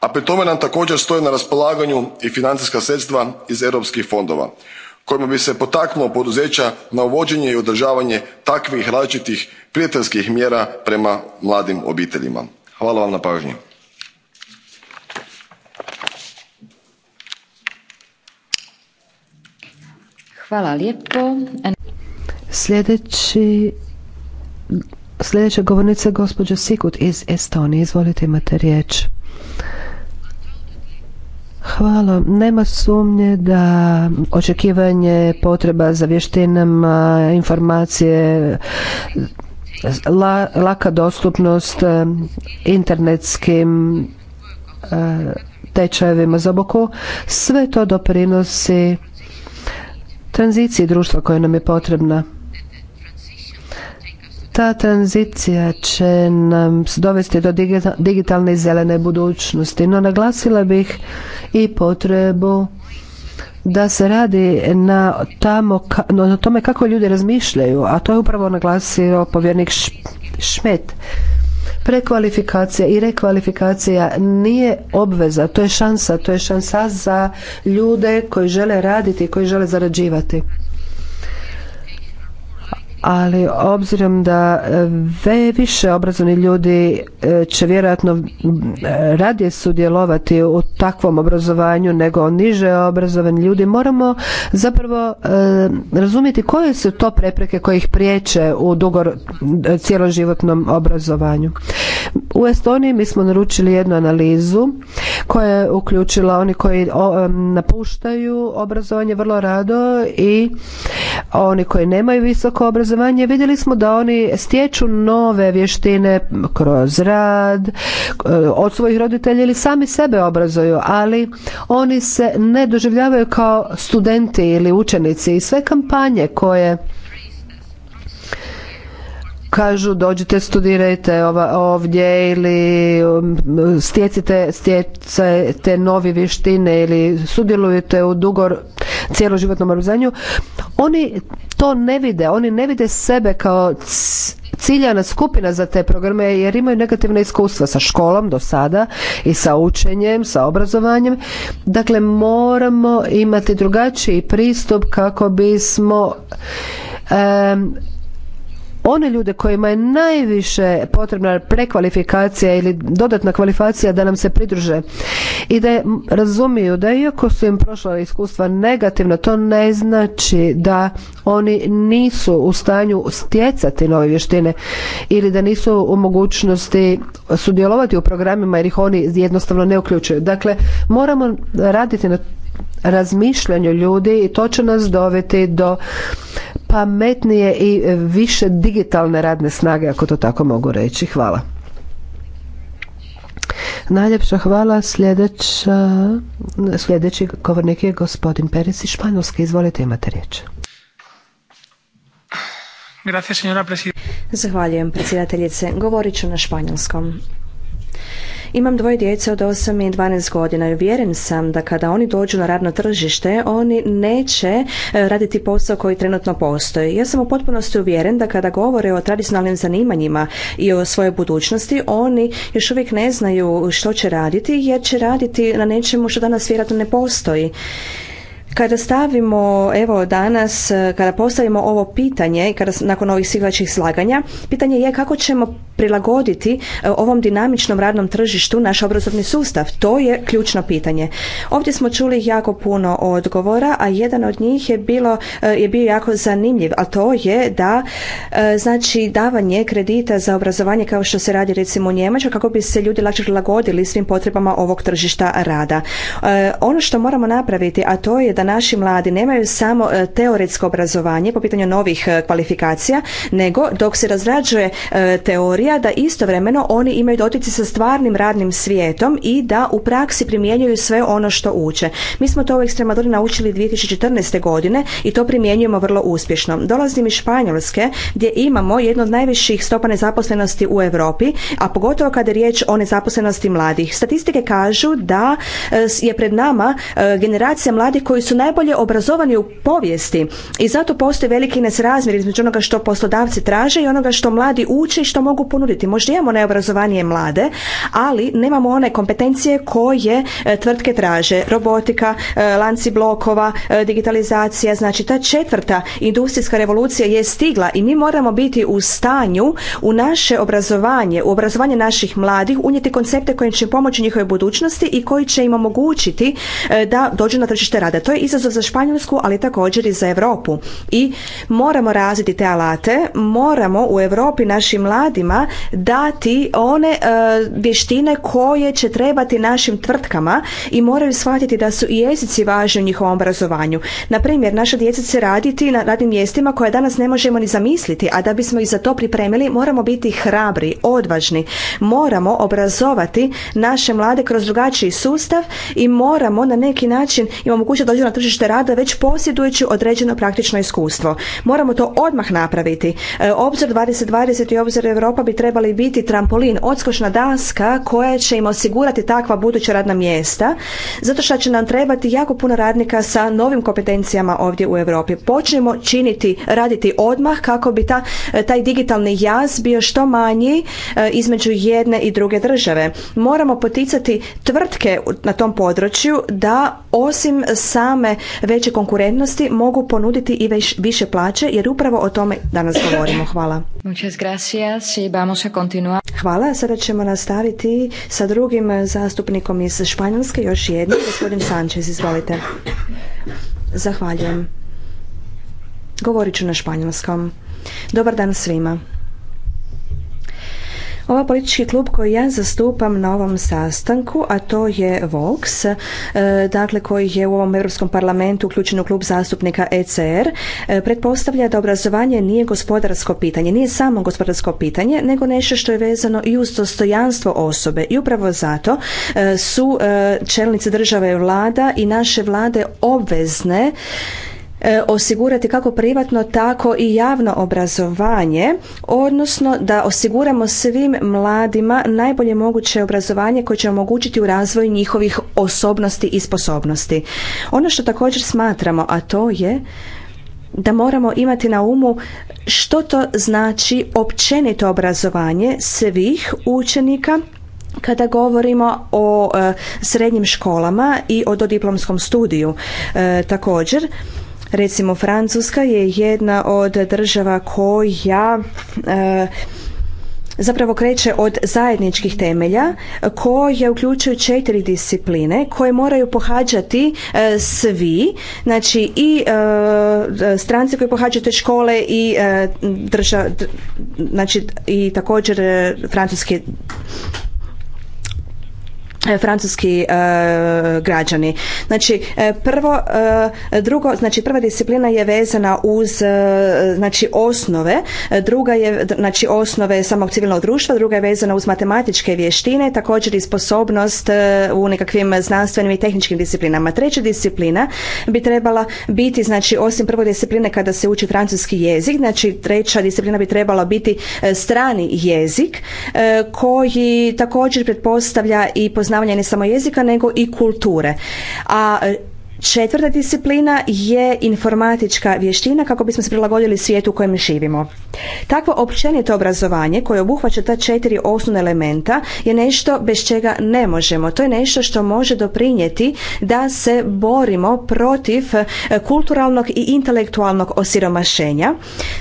A pri tome nam također stoje na raspolaganju i financijska sredstva iz europskih fondova kojima bi se potaknulo poduzeća na uvođenje i održavanje takvih različitih prijateljskih mjera prema mladim obiteljima. Hvala vam na pažnji. Hvala lijepo. Sljedeći Sljedeća govornica je gospođa Sikut iz Estonije. Izvolite, imate riječ. Hvala. Nema sumnje da očekivanje potreba za vještinama, informacije, la, laka dostupnost e, internetskim e, tečajevima za boku sve to doprinosi tranziciji društva koja nam je potrebna. Ta tranzicija će nam dovesti do digitalne i zelene budućnosti, no naglasila bih i potrebu da se radi na, tamo, na tome kako ljudi razmišljaju, a to je upravo naglasio povjernik Šmet. Prekvalifikacija i rekvalifikacija nije obveza, to je šansa, to je šansa za ljude koji žele raditi i koji žele zarađivati ali obzirom da e, ve više obrazovni ljudi e, će vjerojatno e, radije sudjelovati u takvom obrazovanju nego niže obrazovani ljudi, moramo zapravo razumjeti koje su to prepreke koje ih priječe u dugo cjeloživotnom obrazovanju. U Estoniji mi smo naručili jednu analizu koja je uključila oni koji napuštaju obrazovanje vrlo rado i oni koji nemaju visoko obrazovanje. Vidjeli smo da oni stječu nove vještine kroz rad od svojih roditelja ili sami sebe obrazuju, ali oni se ne doživljavaju kao studenti ili učenici i sve kampanje koje kažu dođite studirajte ovdje ili um, stjecite, te novi vještine ili sudjelujete u dugor cijeloživotnom obrazovanju, oni to ne vide, oni ne vide sebe kao ciljana skupina za te programe jer imaju negativna iskustva sa školom do sada i sa učenjem, sa obrazovanjem. Dakle, moramo imati drugačiji pristup kako bismo one ljude kojima je najviše potrebna prekvalifikacija ili dodatna kvalifikacija da nam se pridruže i da razumiju da iako su im prošla iskustva negativna, to ne znači da oni nisu u stanju stjecati nove vještine ili da nisu u mogućnosti sudjelovati u programima jer ih oni jednostavno ne uključuju. Dakle, moramo raditi na razmišljanju ljudi i to će nas doveti do pametnije i više digitalne radne snage, ako to tako mogu reći. Hvala. Najljepša hvala. Sljedeća, sljedeći govornik je gospodin Peres iz Španjolske. Izvolite, imate riječ. Zahvaljujem predsjedateljice. Govorit ću na španjolskom. Imam dvoje djece od 8 i 12 godina i uvjeren sam da kada oni dođu na radno tržište, oni neće e, raditi posao koji trenutno postoji. Ja sam u potpunosti uvjeren da kada govore o tradicionalnim zanimanjima i o svojoj budućnosti, oni još uvijek ne znaju što će raditi jer će raditi na nečemu što danas vjerojatno ne postoji. Kada stavimo, evo danas, eh, kada postavimo ovo pitanje kada nakon ovih siglačih slaganja, pitanje je kako ćemo prilagoditi eh, ovom dinamičnom radnom tržištu naš obrazovni sustav. To je ključno pitanje. Ovdje smo čuli jako puno odgovora, a jedan od njih je, bilo, eh, je bio jako zanimljiv, a to je da znači davanje kredita za obrazovanje kao što se radi recimo u Njemačkoj kako bi se ljudi lakše prilagodili svim potrebama ovog tržišta rada. Ono što moramo napraviti, a to je da naši mladi nemaju samo e, teoretsko obrazovanje po pitanju novih e, kvalifikacija, nego dok se razrađuje e, teorija da istovremeno oni imaju dotici sa stvarnim radnim svijetom i da u praksi primjenjuju sve ono što uče. Mi smo to u Ekstremaduri naučili 2014. godine i to primjenjujemo vrlo uspješno. Dolazim iz Španjolske gdje imamo jednu od najviših stopa nezaposlenosti u Europi, a pogotovo kada je riječ o nezaposlenosti mladih. Statistike kažu da je pred nama generacija mladih koji su su najbolje obrazovani u povijesti i zato postoji veliki nesrazmjer između onoga što poslodavci traže i onoga što mladi uče i što mogu ponuditi. Možda imamo najobrazovanije mlade, ali nemamo one kompetencije koje e, tvrtke traže. Robotika, e, lanci blokova, e, digitalizacija, znači ta četvrta industrijska revolucija je stigla i mi moramo biti u stanju u naše obrazovanje, u obrazovanje naših mladih unijeti koncepte koji će pomoći njihovoj budućnosti i koji će im omogućiti da dođu na tržište rada. To je izazov za Španjolsku, ali također i za Europu. I moramo razviti te alate, moramo u Europi našim mladima dati one e, vještine koje će trebati našim tvrtkama i moraju shvatiti da su i jezici važni u njihovom obrazovanju. Na primjer, naša djeca će raditi na radnim mjestima koje danas ne možemo ni zamisliti, a da bismo ih za to pripremili, moramo biti hrabri, odvažni. Moramo obrazovati naše mlade kroz drugačiji sustav i moramo na neki način imamo omogućiti dođu na tržište rada već posjedujući određeno praktično iskustvo. Moramo to odmah napraviti. E, obzor 2020 i Obzor Europa bi trebali biti trampolin, odskočna daska koja će im osigurati takva buduća radna mjesta, zato što će nam trebati jako puno radnika sa novim kompetencijama ovdje u Europi. Počnemo činiti, raditi odmah kako bi ta, e, taj digitalni jaz bio što manji e, između jedne i druge države. Moramo poticati tvrtke na tom području da osim sam veće konkurentnosti mogu ponuditi i već više plaće jer upravo o tome danas govorimo. Hvala. Hvala. Sada ćemo nastaviti sa drugim zastupnikom iz Španjolske, još jednim, gospodin Sanchez, izvolite. Zahvaljujem. Govorit ću na španjolskom. Dobar dan svima. Ova politički klub koji ja zastupam na ovom sastanku, a to je Vox, e, dakle koji je u ovom Europskom parlamentu uključen u klub zastupnika ECR, e, pretpostavlja da obrazovanje nije gospodarsko pitanje, nije samo gospodarsko pitanje, nego nešto što je vezano i uz dostojanstvo osobe. I upravo zato e, su čelnici države vlada i naše vlade obvezne E, osigurati kako privatno tako i javno obrazovanje odnosno da osiguramo svim mladima najbolje moguće obrazovanje koje će omogućiti u razvoju njihovih osobnosti i sposobnosti. Ono što također smatramo, a to je da moramo imati na umu što to znači općenito obrazovanje svih učenika kada govorimo o e, srednjim školama i o dodiplomskom studiju e, također Recimo Francuska je jedna od država koja e, zapravo kreće od zajedničkih temelja koje uključuju četiri discipline koje moraju pohađati e, svi, znači i e, stranci koji pohađaju te škole i e, znači i također francuski E, francuski e, građani. Znači e, prvo, drugo, znači prva disciplina je vezana uz znači osnove, druga je znači osnove samog civilnog društva, druga je vezana uz matematičke vještine, također i sposobnost u nekakvim znanstvenim i tehničkim disciplinama. Treća disciplina bi trebala biti znači osim prve discipline kada se uči francuski jezik, znači treća disciplina bi trebala biti strani jezik koji također pretpostavlja i poznavanje poznavanje ne samo jezika nego i kulture. A e, Četvrta disciplina je informatička vještina kako bismo se prilagodili svijetu u kojem živimo. Takvo općenito obrazovanje koje obuhvaća ta četiri osnovna elementa je nešto bez čega ne možemo. To je nešto što može doprinijeti da se borimo protiv e, kulturalnog i intelektualnog osiromašenja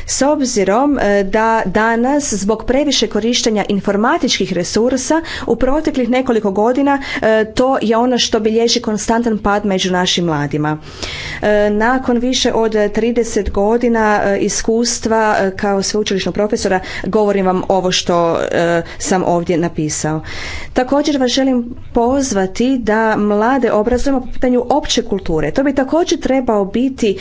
s obzirom e, da danas zbog previše korištenja informatičkih resursa u proteklih nekoliko godina e, to je ono što bilježi konstantan pad među našim mladima. E, nakon više od 30 godina e, iskustva e, kao sveučilišnog profesora govorim vam ovo što sam ovdje napisao. Također vas želim pozvati da mlade obrazujemo po pitanju opće kulture. To bi također trebao biti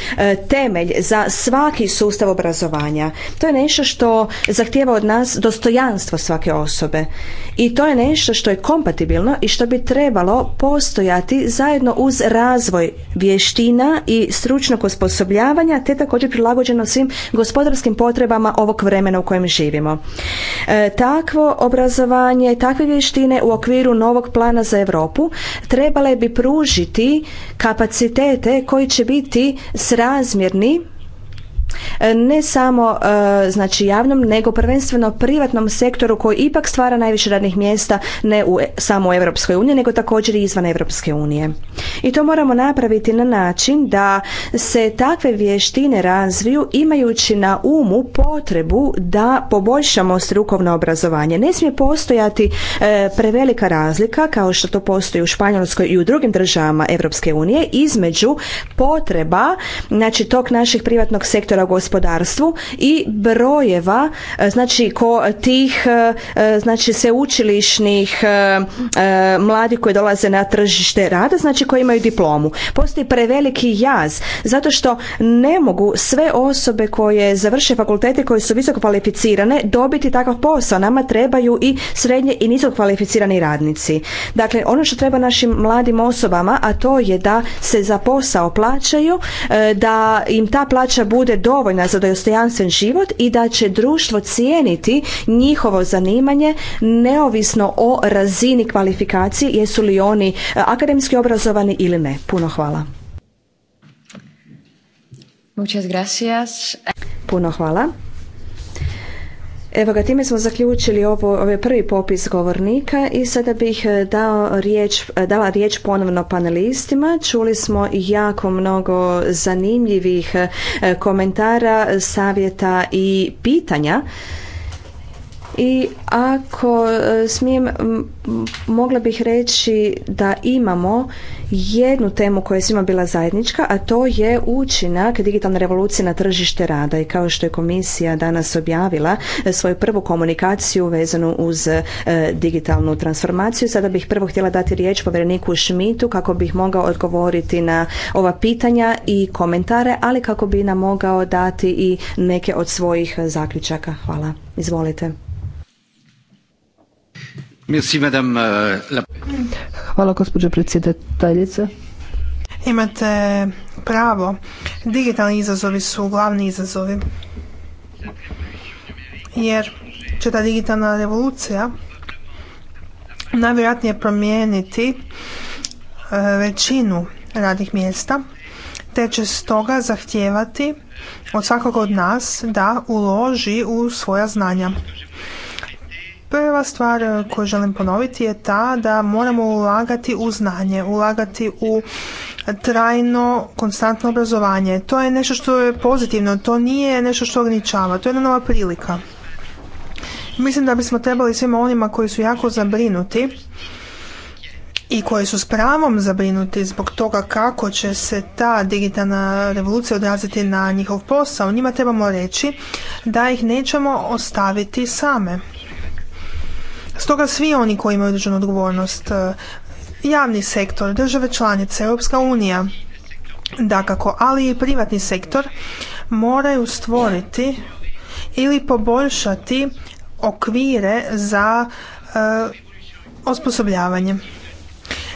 temelj za svaki sustav obrazovanja. To je nešto što zahtijeva od nas dostojanstvo svake osobe. I to je nešto što je kompatibilno i što bi trebalo postojati zajedno uz razvoj vještina i stručnog osposobljavanja te također prilagođeno svim gospodarskim potrebama ovog vremena u kojem živimo. E, takvo obrazovanje, takve vještine u okviru novog plana za Europu trebale bi pružiti kapacitete koji će biti srazmjerni E, ne samo e, znači javnom nego prvenstveno privatnom sektoru koji ipak stvara najviše radnih mjesta ne u, e, samo u Europskoj uniji nego također i izvan Europske unije. I to moramo napraviti na način da se takve vještine razviju imajući na umu potrebu da poboljšamo strukovno obrazovanje. Ne smije postojati prevelika razlika kao što to postoji u Španjolskoj i u drugim državama Europske unije između potreba znači tog našeg privatnog sektora potpora gospodarstvu i brojeva e, znači ko tih e, e, znači sveučilišnih mladi koji dolaze na tržište rada znači koji imaju diplomu. Postoji preveliki jaz zato što ne mogu sve osobe koje završe fakultete koje su visoko kvalificirane dobiti takav posao. Nama trebaju i srednje i nisko kvalificirani radnici. Dakle, ono što treba našim mladim osobama, a to je da se za posao plaćaju, da im ta plaća bude do dovoljna za dostojanstven život i da će društvo cijeniti njihovo zanimanje neovisno o razini kvalifikacije, jesu li oni e, akademski obrazovani ili ne. Puno hvala. Puno hvala. Evo ga, time smo zaključili ovo, ovaj prvi popis govornika i sada bih e, dao riječ, e, dala riječ ponovno panelistima. Čuli smo jako mnogo zanimljivih e, komentara, savjeta i pitanja i ako e, smijem, mogla bih reći da imamo jednu temu koja je svima bila zajednička, a to je učinak digitalne revolucije na tržište rada. I kao što je komisija danas objavila e, svoju prvu komunikaciju vezanu uz e, digitalnu transformaciju, sada bih prvo htjela dati riječ povjereniku Šmitu kako bih mogao odgovoriti na ova pitanja i komentare, ali kako bi nam mogao dati i neke od svojih zaključaka. Hvala. Izvolite. Euh, Hvala gospođo predsjedateljice. Imate pravo. Digitalni izazovi su glavni izazovi. Jer će ta digitalna revolucija najvjerojatnije promijeniti e, većinu radnih mjesta, te će stoga zahtijevati od svakog od nas da uloži u svoja znanja. Prva stvar eh, koju želim ponoviti je ta da moramo ulagati u znanje, ulagati u trajno, konstantno obrazovanje. To je nešto što je pozitivno, to nije nešto što ograničava, to je jedna nova prilika. Mislim da bismo trebali svima onima koji su jako zabrinuti i koji su s pravom zabrinuti zbog toga kako će se ta digitalna revolucija odraziti na njihov posao, njima trebamo reći da ih nećemo ostaviti same. Stoga svi oni koji imaju određenu odgovornost, e, javni sektor, države članice, Europska unija, dakako, ali i privatni sektor, moraju stvoriti ili poboljšati okvire za e, osposobljavanje.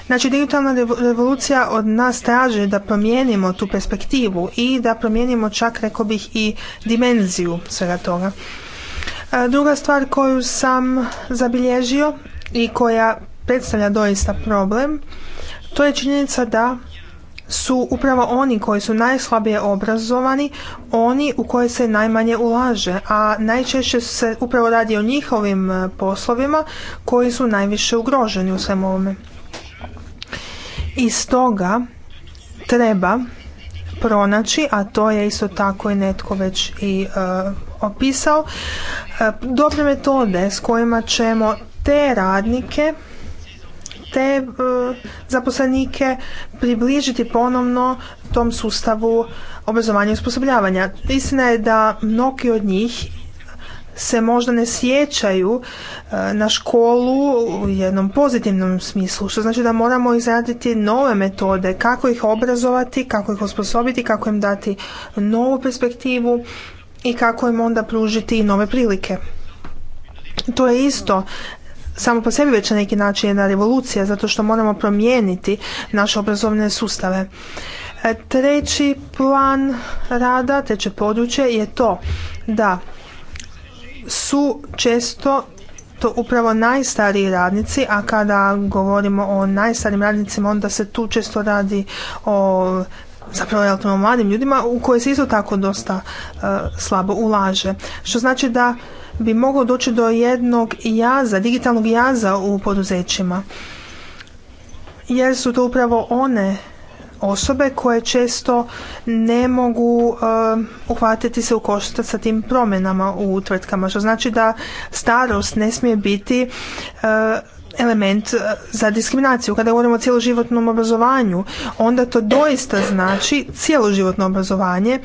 Znači, digitalna revolucija od nas traži da promijenimo tu perspektivu i da promijenimo čak, rekao bih, i dimenziju svega toga. Druga stvar koju sam zabilježio i koja predstavlja doista problem, to je činjenica da su upravo oni koji su najslabije obrazovani, oni u koje se najmanje ulaže, a najčešće se upravo radi o njihovim e, poslovima koji su najviše ugroženi u svemu ovome. I stoga treba pronaći, a to je isto tako i netko već i e, opisao e, dobre metode s kojima ćemo te radnike te e, zaposlenike približiti ponovno tom sustavu obrazovanja i osposobljavanja. Istina je da mnogi od njih se možda ne sjećaju e, na školu u jednom pozitivnom smislu, što znači da moramo izraditi nove metode, kako ih obrazovati, kako ih osposobiti, kako im dati novu perspektivu, i kako im onda pružiti nove prilike. To je isto samo po sebi već na neki način jedna revolucija zato što moramo promijeniti naše obrazovne sustave. E, treći plan rada, treće područje je to da su često to upravo najstariji radnici, a kada govorimo o najstarijim radnicima onda se tu često radi o zapravo relativno mladim ljudima u koje se isto tako dosta e, slabo ulaže. Što znači da bi moglo doći do jednog jaza, digitalnog jaza u poduzećima. Jer su to upravo one osobe koje često ne mogu e, uhvatiti se u koštac sa tim promjenama u tvrtkama. Što znači da starost ne smije biti e, element e, za diskriminaciju. Kada govorimo o cjeloživotnom obrazovanju, onda to doista znači cjeloživotno obrazovanje,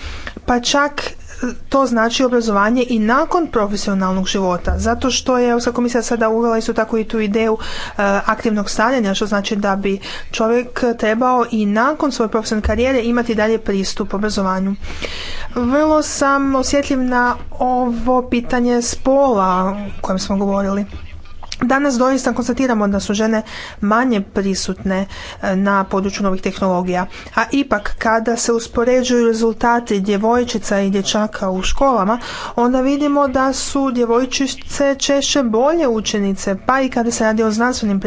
pa čak e, to znači obrazovanje i nakon profesionalnog života. Zato što je Europska komisija sada uvela isto tako i tu ideju e, aktivnog stavljanja, što znači da bi čovjek trebao i nakon svoje profesionalne karijere imati dalje pristup obrazovanju. Vrlo sam osjetljiv na ovo pitanje spola o kojem smo govorili. Danas doista konstatiramo da su žene manje prisutne e, na području novih tehnologija, a ipak kada se uspoređuju rezultati djevojčica i dječaka u školama, onda vidimo da su djevojčice češće bolje učenice, pa i kada se radi o znanstvenim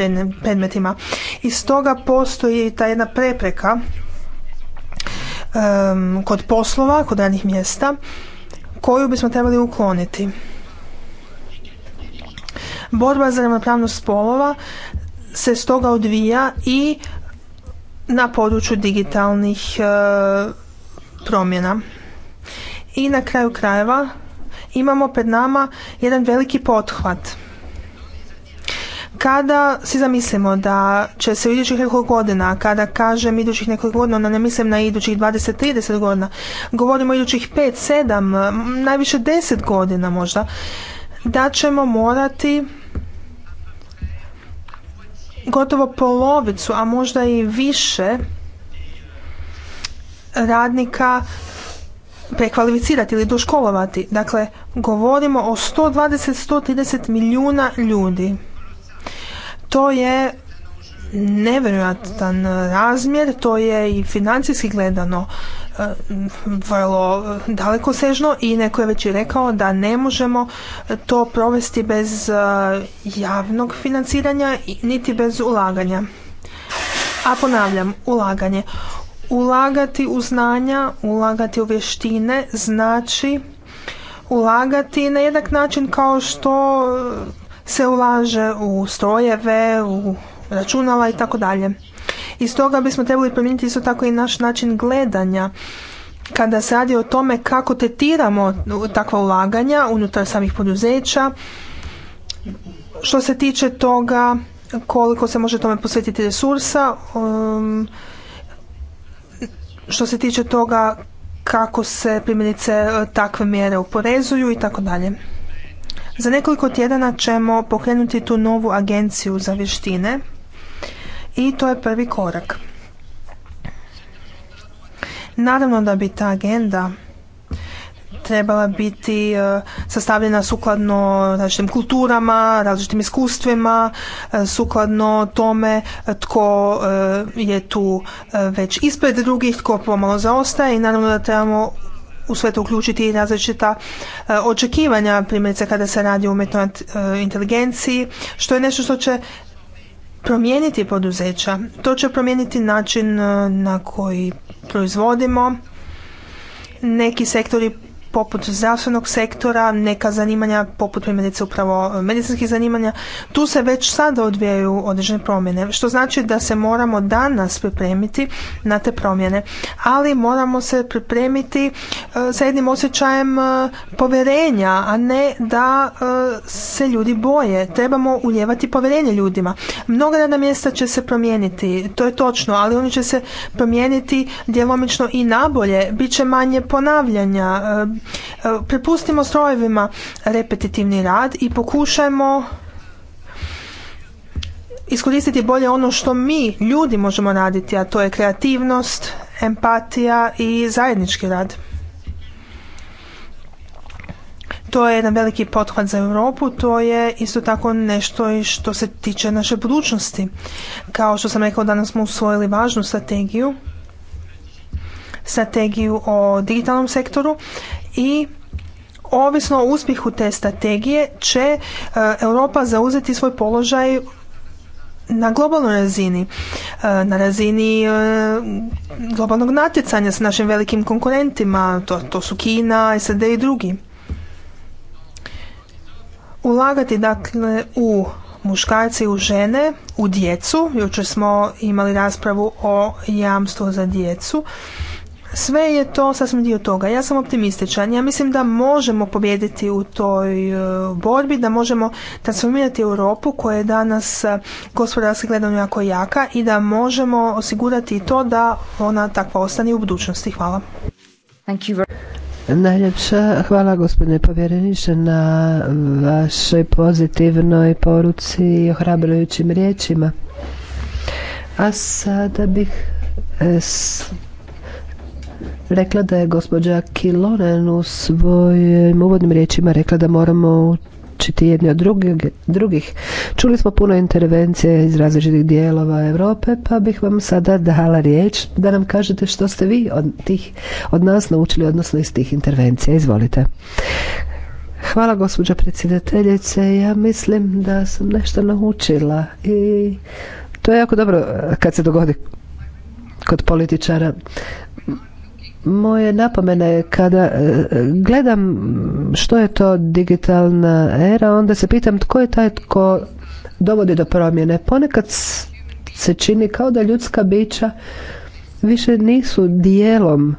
predmetima. I stoga postoji ta jedna prepreka um, kod poslova, kod radnih mjesta, koju bismo trebali ukloniti. Borba za ravnopravnost spolova se stoga odvija i na području digitalnih e, promjena. I na kraju krajeva imamo pred nama jedan veliki pothvat. Kada si zamislimo da će se u idućih nekoliko godina, kada kažem idućih nekoliko godina, onda ne mislim na idućih 20-30 godina, govorimo o idućih 5-7, najviše 10 godina možda, da ćemo morati gotovo polovicu, a možda i više radnika prekvalificirati ili doškolovati. Dakle, govorimo o 120-130 milijuna ljudi. To je nevjerojatan razmjer, to je i financijski gledano eh, vrlo eh, daleko sežno i neko je već i rekao da ne možemo eh, to provesti bez javnog financiranja niti bez ulaganja. A ponavljam, ulaganje. Ulagati u znanja, ulagati u vještine znači ulagati na jednak način kao što se ulaže u strojeve, u računala i tako dalje. I stoga bismo trebali promijeniti isto tako i naš način gledanja kada se radi o tome kako tetiramo takva ulaganja unutar samih poduzeća, što se tiče toga koliko se može tome posvetiti resursa, um, što se tiče toga kako se primjerice e, takve mjere oporezuju i tako dalje. Za nekoliko tjedana ćemo pokrenuti tu novu agenciju za vještine i to je prvi korak. Naravno da bi ta agenda trebala biti e, sastavljena sukladno različitim kulturama, različitim iskustvima, e, sukladno tome tko e, je tu već ispred drugih, tko pomalo zaostaje i naravno da trebamo u sve to uključiti i različita očekivanja, primjerice kada se radi o umjetnoj inteligenciji, što je nešto što će promijeniti poduzeća. To će promijeniti način eh, na koji proizvodimo. Neki sektori poput zdravstvenog sektora, neka zanimanja poput primjerice upravo e, medicinskih zanimanja, tu se već sada odvijaju određene promjene, što znači da se moramo danas pripremiti na te promjene, ali moramo se pripremiti e, sa jednim osjećajem e, povjerenja, a ne da se ljudi boje. Trebamo uljevati povjerenje ljudima. Mnoga radna mjesta će se promijeniti, to je točno, ali oni će se promijeniti djelomično i nabolje, bit će manje ponavljanja, E, prepustimo strojevima repetitivni rad i pokušajmo iskoristiti bolje ono što mi ljudi možemo raditi, a to je kreativnost, empatija i zajednički rad. To je jedan veliki pothvat za Europu, to je isto tako nešto i što se tiče naše budućnosti. Kao što sam rekao, danas smo usvojili važnu strategiju, strategiju o digitalnom sektoru i ovisno o uspjehu te strategije će e, Europa zauzeti svoj položaj na globalnoj razini, e, na razini e, globalnog natjecanja s našim velikim konkurentima, to, to su Kina, SAD i drugi. Ulagati dakle u muškarce i u žene, u djecu, jučer smo imali raspravu o jamstvu za djecu, sve je to sasvim dio toga. Ja sam optimističan. Ja mislim da možemo pobijediti u toj e, borbi, da možemo transformirati Europu koja je danas e, gospodarski gledano jako jaka i da možemo osigurati to da ona takva ostane u budućnosti. Hvala. Thank you. Najljepša hvala gospodine povjereniče na vašoj pozitivnoj poruci i ohrabrujućim riječima. A sada bih e, rekla da je gospođa Kiloren u svojim uvodnim riječima rekla da moramo učiti jedni od drugih, drugih. Čuli smo puno intervencije iz različitih dijelova Europe, pa bih vam sada dala riječ da nam kažete što ste vi od, tih, od nas naučili, odnosno iz tih intervencija. Izvolite. Hvala gospođa predsjedateljice. Ja mislim da sam nešto naučila i to je jako dobro kad se dogodi kod političara. Moje napomene je kada e, gledam što je to digitalna era, onda se pitam tko je taj tko dovodi do promjene. Ponekad se čini kao da ljudska bića više nisu dijelom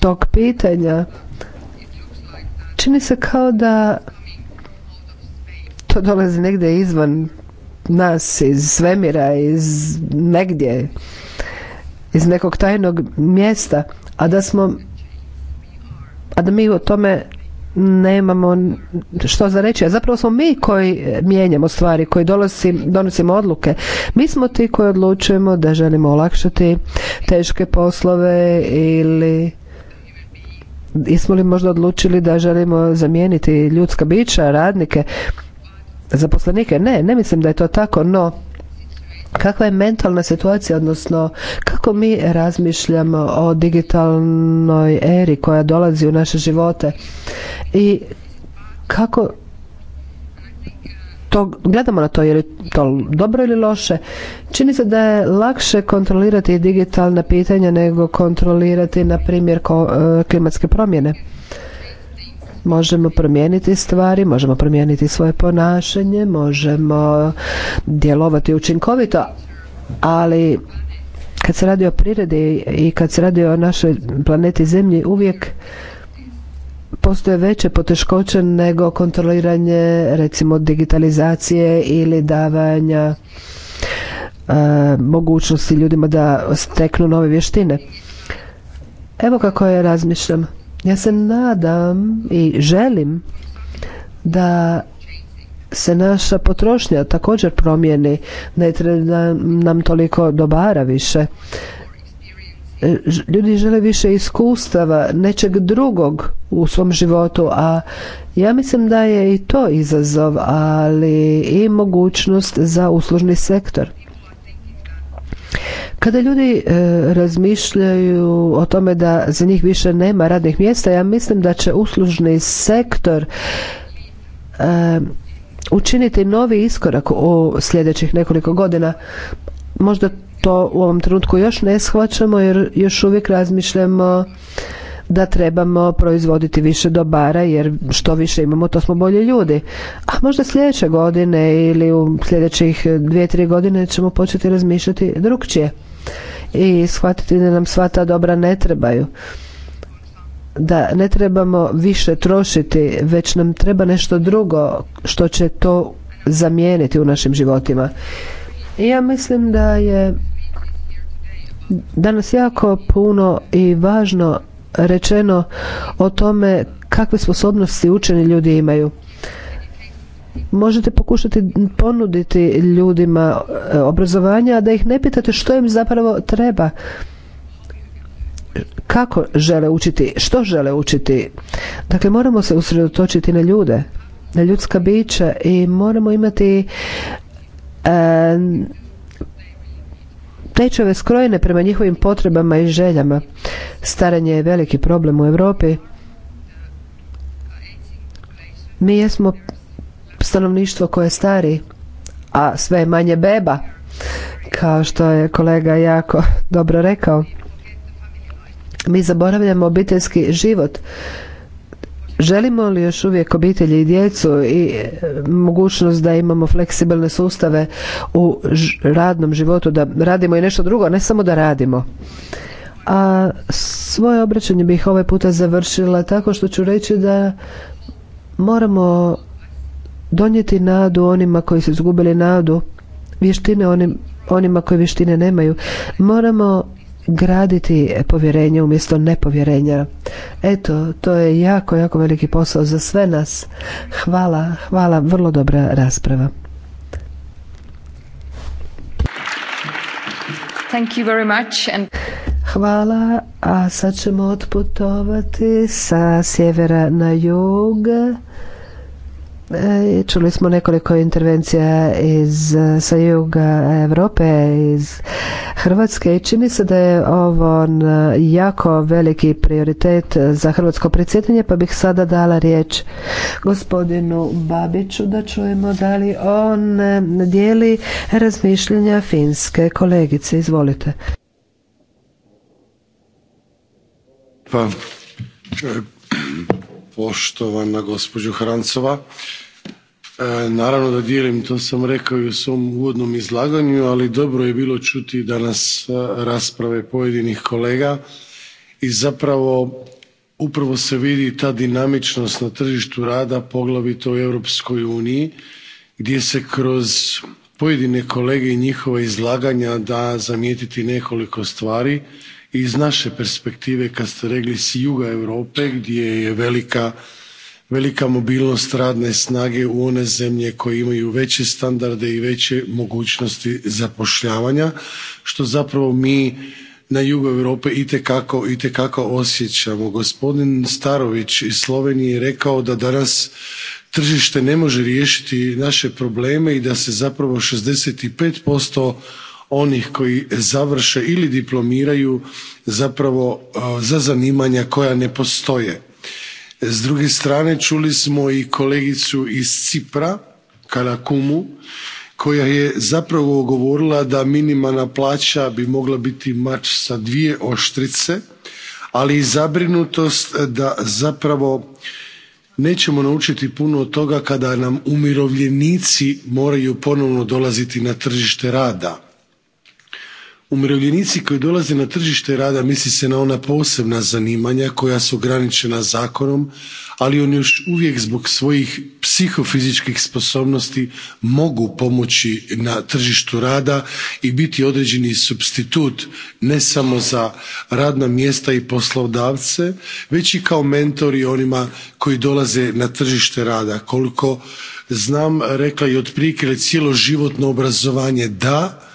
tog pitanja. Čini se kao da to dolazi negdje izvan nas, iz svemira, iz negdje iz nekog tajnog mjesta, a da smo a da mi o tome nemamo što za reći. A zapravo smo mi koji mijenjamo stvari, koji donosimo odluke. Mi smo ti koji odlučujemo da želimo olakšati teške poslove ili jesmo li možda odlučili da želimo zamijeniti ljudska bića, radnike, zaposlenike. Ne, ne mislim da je to tako, no kakva je mentalna situacija, odnosno kako mi razmišljamo o digitalnoj eri koja dolazi u naše živote i kako to, gledamo na to je li to dobro ili loše. Čini se da je lakše kontrolirati digitalna pitanja nego kontrolirati na primjer e, klimatske promjene možemo promijeniti stvari, možemo promijeniti svoje ponašanje, možemo djelovati učinkovito, ali kad se radi o prirodi i kad se radi o našoj planeti Zemlji uvijek postoje veće poteškoće nego kontroliranje recimo digitalizacije ili davanja e, mogućnosti ljudima da steknu nove vještine. Evo kako je razmišljam. Ja se nadam i želim da se naša potrošnja također promijeni, ne treba nam toliko dobara više. E, ljudi žele više iskustava, nečeg drugog u svom životu, a ja mislim da je i to izazov, ali i mogućnost za uslužni sektor. Kada ljudi e, razmišljaju o tome da za njih više nema radnih mjesta, ja mislim da će uslužni sektor e, učiniti novi iskorak u sljedećih nekoliko godina. Možda to u ovom trenutku još ne shvaćamo jer još uvijek razmišljamo da trebamo proizvoditi više dobara jer što više imamo to smo bolji ljudi. A možda sljedeće godine ili u sljedećih dvije, tri godine ćemo početi razmišljati drugčije i shvatiti da nam sva ta dobra ne trebaju da ne trebamo više trošiti, već nam treba nešto drugo što će to zamijeniti u našim životima. I ja mislim da je danas jako puno i važno rečeno o tome kakve sposobnosti učeni ljudi imaju. Možete pokušati ponuditi ljudima e, obrazovanja, a da ih ne pitate što im zapravo treba. Kako žele učiti, što žele učiti. Dakle, moramo se usredotočiti na ljude, na ljudska bića i moramo imati e, tečeve skrojene prema njihovim potrebama i željama. Staranje je veliki problem u Europi. Mi jesmo stanovništvo koje je stari, a sve manje beba, kao što je kolega jako dobro rekao. Mi zaboravljamo obiteljski život Želimo li još uvijek obitelji i djecu i e, mogućnost da imamo fleksibilne sustave u radnom životu, da radimo i nešto drugo, ne samo da radimo. A svoje obraćanje bih ovaj puta završila tako što ću reći da moramo donijeti nadu onima koji su izgubili nadu, vještine onim, onima koji vještine nemaju. Moramo graditi povjerenje umjesto nepovjerenja. Eto, to je jako, jako veliki posao za sve nas. Hvala, hvala, vrlo dobra rasprava. Thank you very much and... Hvala, a sad ćemo otputovati sa sjevera na jug. E, čuli smo nekoliko intervencija iz, sa juga Europe, iz Hrvatske i čini se da je ovo jako veliki prioritet za hrvatsko predsjedanje, pa bih sada dala riječ gospodinu Babiću da čujemo da li on e, dijeli razmišljenja finske kolegice. Izvolite. Pa, e, poštovana gospođu Hrancova, E, naravno da dijelim, to sam rekao i u svom uvodnom izlaganju, ali dobro je bilo čuti danas e, rasprave pojedinih kolega i zapravo upravo se vidi ta dinamičnost na tržištu rada, poglavito u Europskoj uniji gdje se kroz pojedine kolege i njihova izlaganja da zamijetiti nekoliko stvari iz naše perspektive kad ste rekli s juga Europe gdje je velika velika mobilnost radne snage u one zemlje koje imaju veće standarde i veće mogućnosti zapošljavanja što zapravo mi na jugu Europe itekako, itekako osjećamo. Gospodin Starović iz Slovenije je rekao da danas tržište ne može riješiti naše probleme i da se zapravo 65% onih koji završe ili diplomiraju zapravo za zanimanja koja ne postoje s druge strane čuli smo i kolegicu iz cipra Karakumu, koja je zapravo govorila da minimalna plaća bi mogla biti mač sa dvije oštrice, ali i zabrinutost da zapravo nećemo naučiti puno od toga kada nam umirovljenici moraju ponovno dolaziti na tržište rada umirovljenici koji dolaze na tržište rada misli se na ona posebna zanimanja koja su ograničena zakonom ali oni još uvijek zbog svojih psihofizičkih sposobnosti mogu pomoći na tržištu rada i biti određeni supstitut ne samo za radna mjesta i poslodavce već i kao mentori onima koji dolaze na tržište rada. koliko znam rekla je i otprilike životno obrazovanje da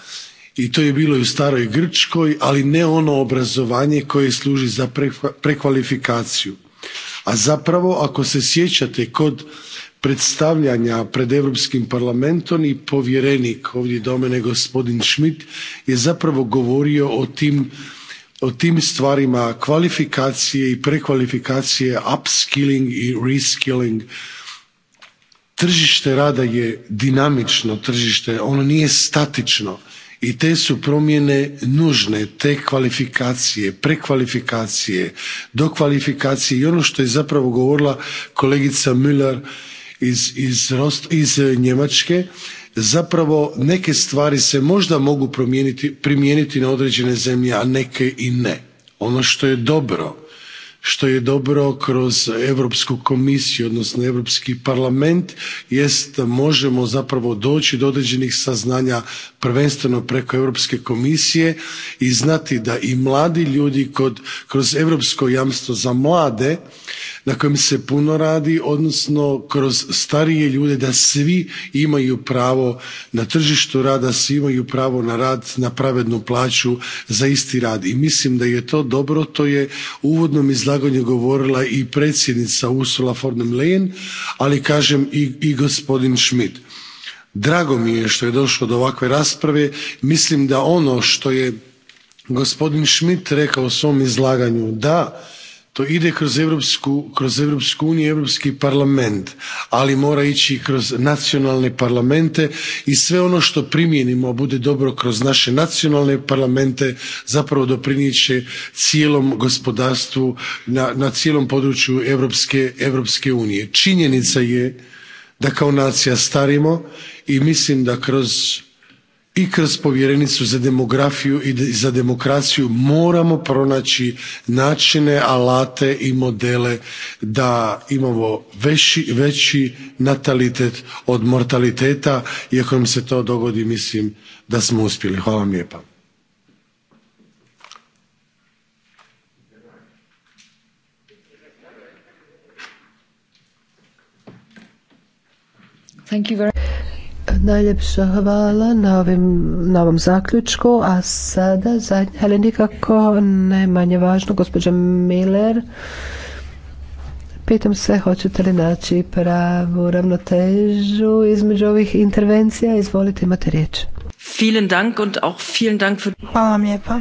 i to je bilo i u staroj grčkoj ali ne ono obrazovanje koje služi za prekvalifikaciju a zapravo ako se sjećate kod predstavljanja pred europskim parlamentom i povjerenik ovdje do mene gospodin schmidt je zapravo govorio o tim, o tim stvarima kvalifikacije i prekvalifikacije upskilling i reskilling tržište rada je dinamično tržište ono nije statično i te su promjene nužne te kvalifikacije prekvalifikacije dokvalifikacije i ono što je zapravo govorila kolegica müller iz, iz e, njemačke zapravo neke stvari se možda mogu primijeniti na određene zemlje a neke i ne. ono što je dobro što je dobro kroz europsku komisiju odnosno europski parlament jest možemo zapravo doći do određenih saznanja prvenstveno preko europske komisije i znati da i mladi ljudi kroz europsko jamstvo za mlade na kojem se puno radi odnosno kroz starije ljude da svi imaju pravo na tržištu rada svi imaju pravo na rad na pravednu plaću za isti rad i mislim da je to dobro to je u uvodnom izlaganju govorila i predsjednica ursula von der leyen ali kažem i, i gospodin schmidt. drago mi je što je došlo do ovakve rasprave mislim da ono što je gospodin schmidt rekao u svom izlaganju da to ide kroz europsku, uniju i europski parlament ali mora ići kroz nacionalne parlamente i sve ono što primijenimo bude dobro kroz naše nacionalne parlamente zapravo doprinijet cijelom gospodarstvu na, cijelom području europske, unije. činjenica je da kao nacija starimo i mislim da kroz i kroz povjerenicu za demografiju i za demokraciju moramo pronaći načine alate i modele da imamo veći natalitet od mortaliteta i ako nam se to dogodi mislim da smo uspjeli. hvala vam Najljepša hvala na, ovom zaključku, a sada zadnja, ali nikako ne manje važno, gospođa Miller. Pitam se hoćete li naći pravu ravnotežu između ovih intervencija. Izvolite, imate riječ. Hvala vam lijepa.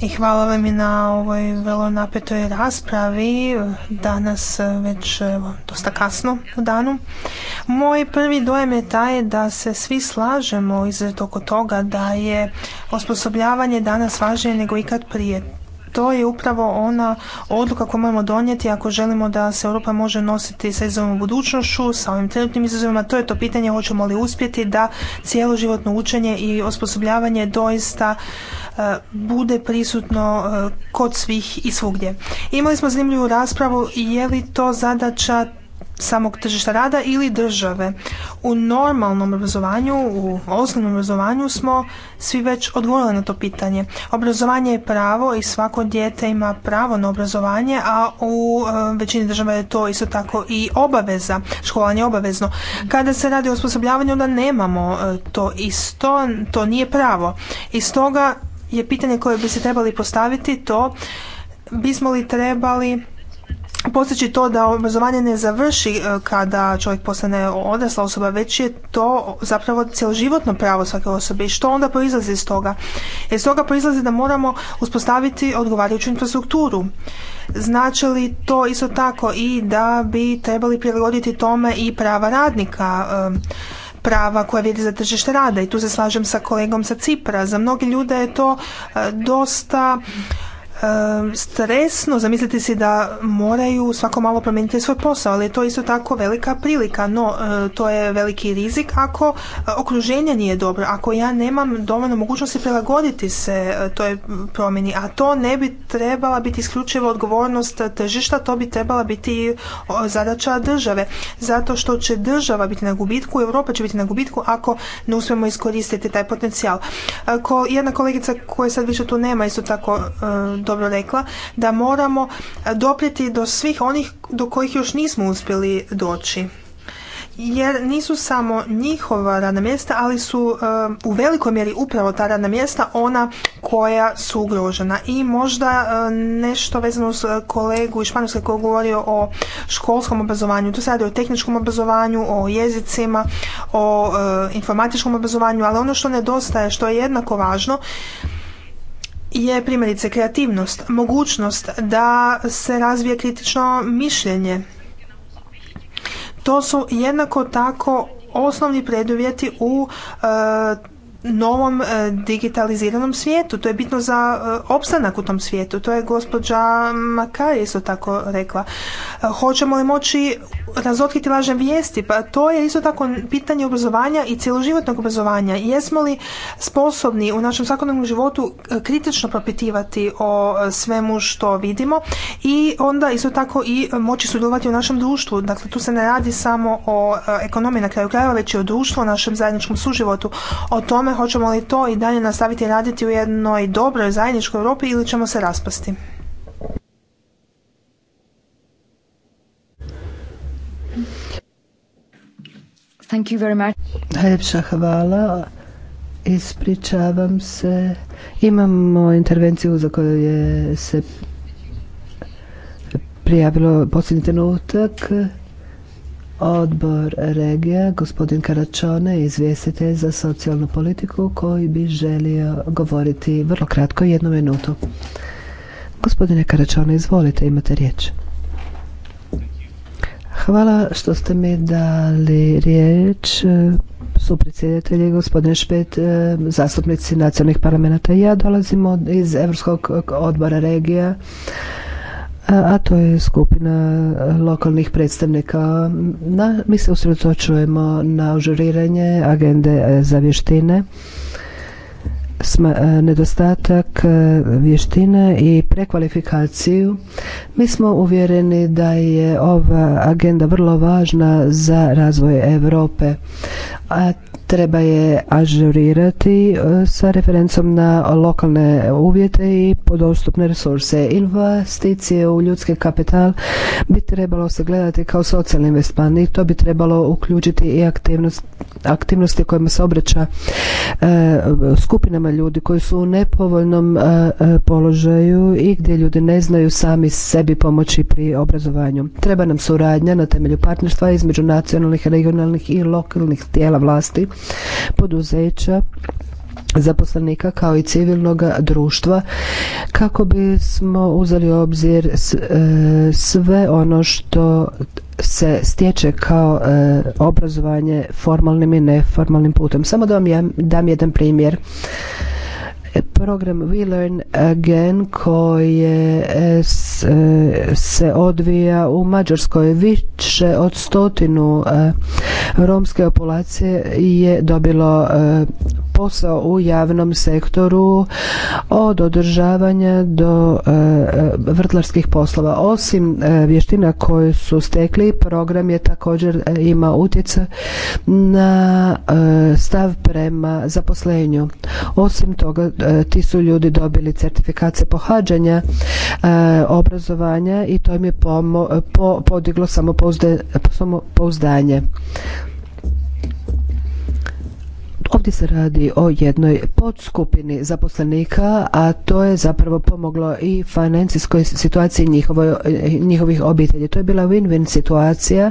I hvala vam i na ovoj vrlo napetoj raspravi danas e, već evo, dosta kasno u danu. Moj prvi dojem je taj da se svi slažemo izred oko toga da je osposobljavanje danas važnije nego ikad prije. To je upravo ona odluka koju moramo donijeti ako želimo da se Europa može nositi sa izazovom budućnošću, sa ovim trenutnim izazovima. To je to pitanje hoćemo li uspjeti da cijelo životno učenje i osposobljavanje doista E, bude prisutno e, kod svih i svugdje. Imali smo zanimljivu raspravu je li to zadaća samog tržišta rada ili države. U normalnom obrazovanju, u osnovnom obrazovanju smo svi već odgovorili na to pitanje. Obrazovanje je pravo i svako dijete ima pravo na obrazovanje, a u e, većini država je to isto tako i obaveza, školanje je obavezno. Kada se radi o osposobljavanju onda nemamo to isto, to nije pravo. I stoga je pitanje koje bi se trebali postaviti to bismo li trebali postići to da obrazovanje ne završi e, kada čovjek postane odrasla osoba, već je to zapravo cijeloživotno pravo svake osobe i što onda proizlazi iz toga? E, iz toga proizlazi da moramo uspostaviti odgovarajuću infrastrukturu. Znači li to isto tako i da bi trebali prilagoditi tome i prava radnika? E, prava koja vrijede za tržište rada i tu se slažem sa kolegom sa Cipra. Za mnoge ljude je to e, dosta stresno zamisliti si da moraju svako malo promijeniti svoj posao, ali je to isto tako velika prilika, no e, to je veliki rizik ako e, okruženje nije dobro, ako ja nemam dovoljno mogućnosti prilagoditi se e, toj promjeni, a to ne bi trebala biti isključiva odgovornost tržišta, to bi trebala biti zadaća države, zato što će država biti na gubitku, Europa će biti na gubitku ako ne uspijemo iskoristiti taj potencijal. Ko, jedna kolegica koja sad više tu nema isto tako dobro rekla, da moramo e, doprijeti do svih onih do kojih još nismo uspjeli doći. Jer nisu samo njihova radna mjesta, ali su e, u velikoj mjeri upravo ta radna mjesta ona koja su ugrožena. I možda e, nešto vezano s kolegu iz Španjolske koji je govorio o školskom obrazovanju. Tu se radi o tehničkom obrazovanju, o jezicima, o informatičkom obrazovanju, ali ono što nedostaje, što je jednako važno, je primjerice kreativnost, mogućnost da se razvije kritično mišljenje. To su jednako tako osnovni preduvjeti u e, novom e, digitaliziranom svijetu. To je bitno za e, opstanak u tom svijetu. To je gospođa Makar isto tako rekla. E, hoćemo li moći razotkriti lažne vijesti? Pa to je isto tako pitanje obrazovanja i cjeloživotnog obrazovanja. Jesmo li sposobni u našem svakodnevnom životu kritično propitivati o svemu što vidimo i onda isto tako i moći sudjelovati u našem društvu. Dakle, tu se ne radi samo o ekonomiji na kraju krajeva, već i o društvu, o našem zajedničkom suživotu, o tome hoćemo li to i dalje nastaviti raditi u jednoj dobroj zajedničkoj Europi ili ćemo se raspasti. Thank you very much. Najljepša hvala. Ispričavam se. Imamo intervenciju za koju je se prijavilo posljednji trenutak odbor regija, gospodin Karačone, izvjestitelj za socijalnu politiku koji bi želio govoriti vrlo kratko, jednu minutu. Gospodine Karačone, izvolite, imate riječ. Hvala što ste mi dali riječ su predsjedatelji gospodin Špet, eh, zastupnici nacionalnih parlamenta. Ja dolazim iz Evropskog odbora regija a to je skupina eh, lokalnih predstavnika. Na, mi se usredotočujemo na ožuriranje agende eh, za vještine, sma, eh, nedostatak vještine i prekvalifikaciju. Mi smo uvjereni da je ova agenda vrlo važna za razvoj Europe, a treba je ažurirati e, sa referencom na lokalne uvjete i podostupne resurse. Investicije u ljudski kapital bi trebalo se gledati kao socijalni investman i to bi trebalo uključiti i aktivnost, aktivnosti kojima se obraća e, skupinama ljudi koji su u nepovoljnom e, položaju i gdje ljudi ne znaju sami sebi pomoći pri obrazovanju. Treba nam suradnja na temelju partnerstva između nacionalnih, regionalnih i lokalnih tijela vlasti, poduzeća, zaposlenika kao i civilnog društva kako bismo uzeli obzir e, sve ono što se stječe kao e, obrazovanje formalnim i neformalnim putem. Samo da vam dam jedan primjer program We Learn Again koji e, e, se odvija u Mađarskoj. Više od stotinu e, romske populacije je dobilo posao u javnom sektoru od održavanja do vrtlarskih poslova. Osim vještina koje su stekli, program je također ima utjecaj na stav prema zaposlenju. Osim toga, E, ti su ljudi dobili certifikacije pohađanja e, obrazovanja i to im je po, podiglo samopouzdanje Ovdje se radi o jednoj podskupini zaposlenika, a to je zapravo pomoglo i financijskoj situaciji njihovih obitelji. To je bila win-win situacija,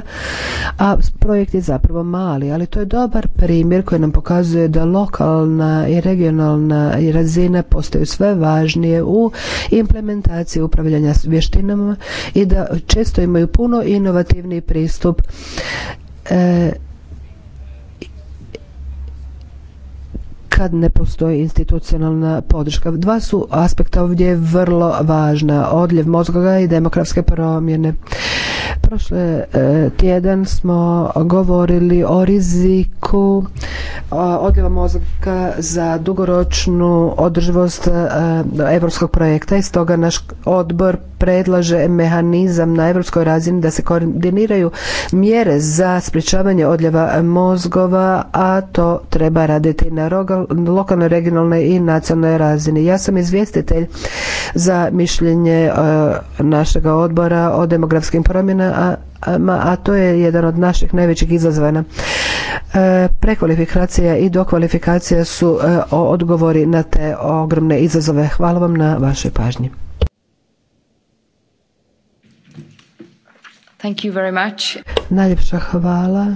a projekt je zapravo mali, ali to je dobar primjer koji nam pokazuje da lokalna i regionalna razina postaju sve važnije u implementaciji upravljanja s vještinama i da često imaju puno inovativni pristup e, kad ne postoji institucionalna podrška. Dva su aspekta ovdje vrlo važna, odljev mozgova i demografske promjene. Prošle e, tjedan smo govorili o riziku odljeva mozga za dugoročnu održivost europskog projekta i stoga naš odbor predlaže mehanizam na europskoj razini da se koordiniraju mjere za sprječavanje odljeva mozgova, a to treba raditi na lokalnoj, regionalnoj i nacionalnoj razini. Ja sam izvjestitelj za mišljenje e, našega odbora o demografskim promjenama a, a to je jedan od naših najvećih izazvana. E, prekvalifikacija i dokvalifikacija su e, odgovori na te ogromne izazove. Hvala vam na vašoj pažnji. Thank you very much. Najljepša hvala.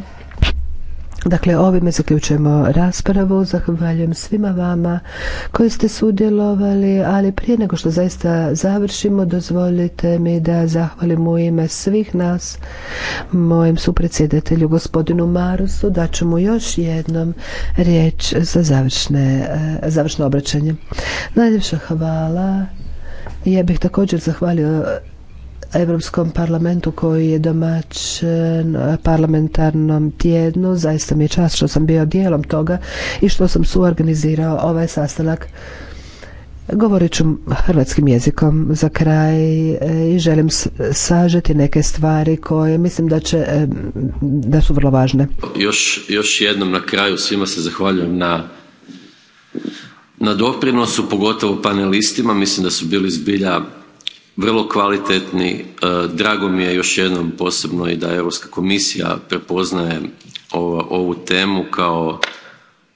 Dakle, ovime zaključujemo raspravu. Zahvaljujem svima vama koji ste sudjelovali, ali prije nego što zaista završimo, dozvolite mi da zahvalim u ime svih nas, mojem supredsjedatelju gospodinu Marusu, da ću mu još jednom riječ za završne, eh, završno obraćanje. Najljepša hvala. Ja bih također zahvalio Europskom parlamentu koji je domać parlamentarnom tjednu. Zaista mi je čast što sam bio dijelom toga i što sam suorganizirao ovaj sastanak. Govorit ću hrvatskim jezikom za kraj e, i želim sažeti neke stvari koje mislim da, će, e, da su vrlo važne. Još, još jednom na kraju svima se zahvaljujem na, na doprinosu, pogotovo panelistima. Mislim da su bili zbilja vrlo kvalitetni. E, drago mi je još jednom posebno i da Europska komisija prepoznaje ovu temu kao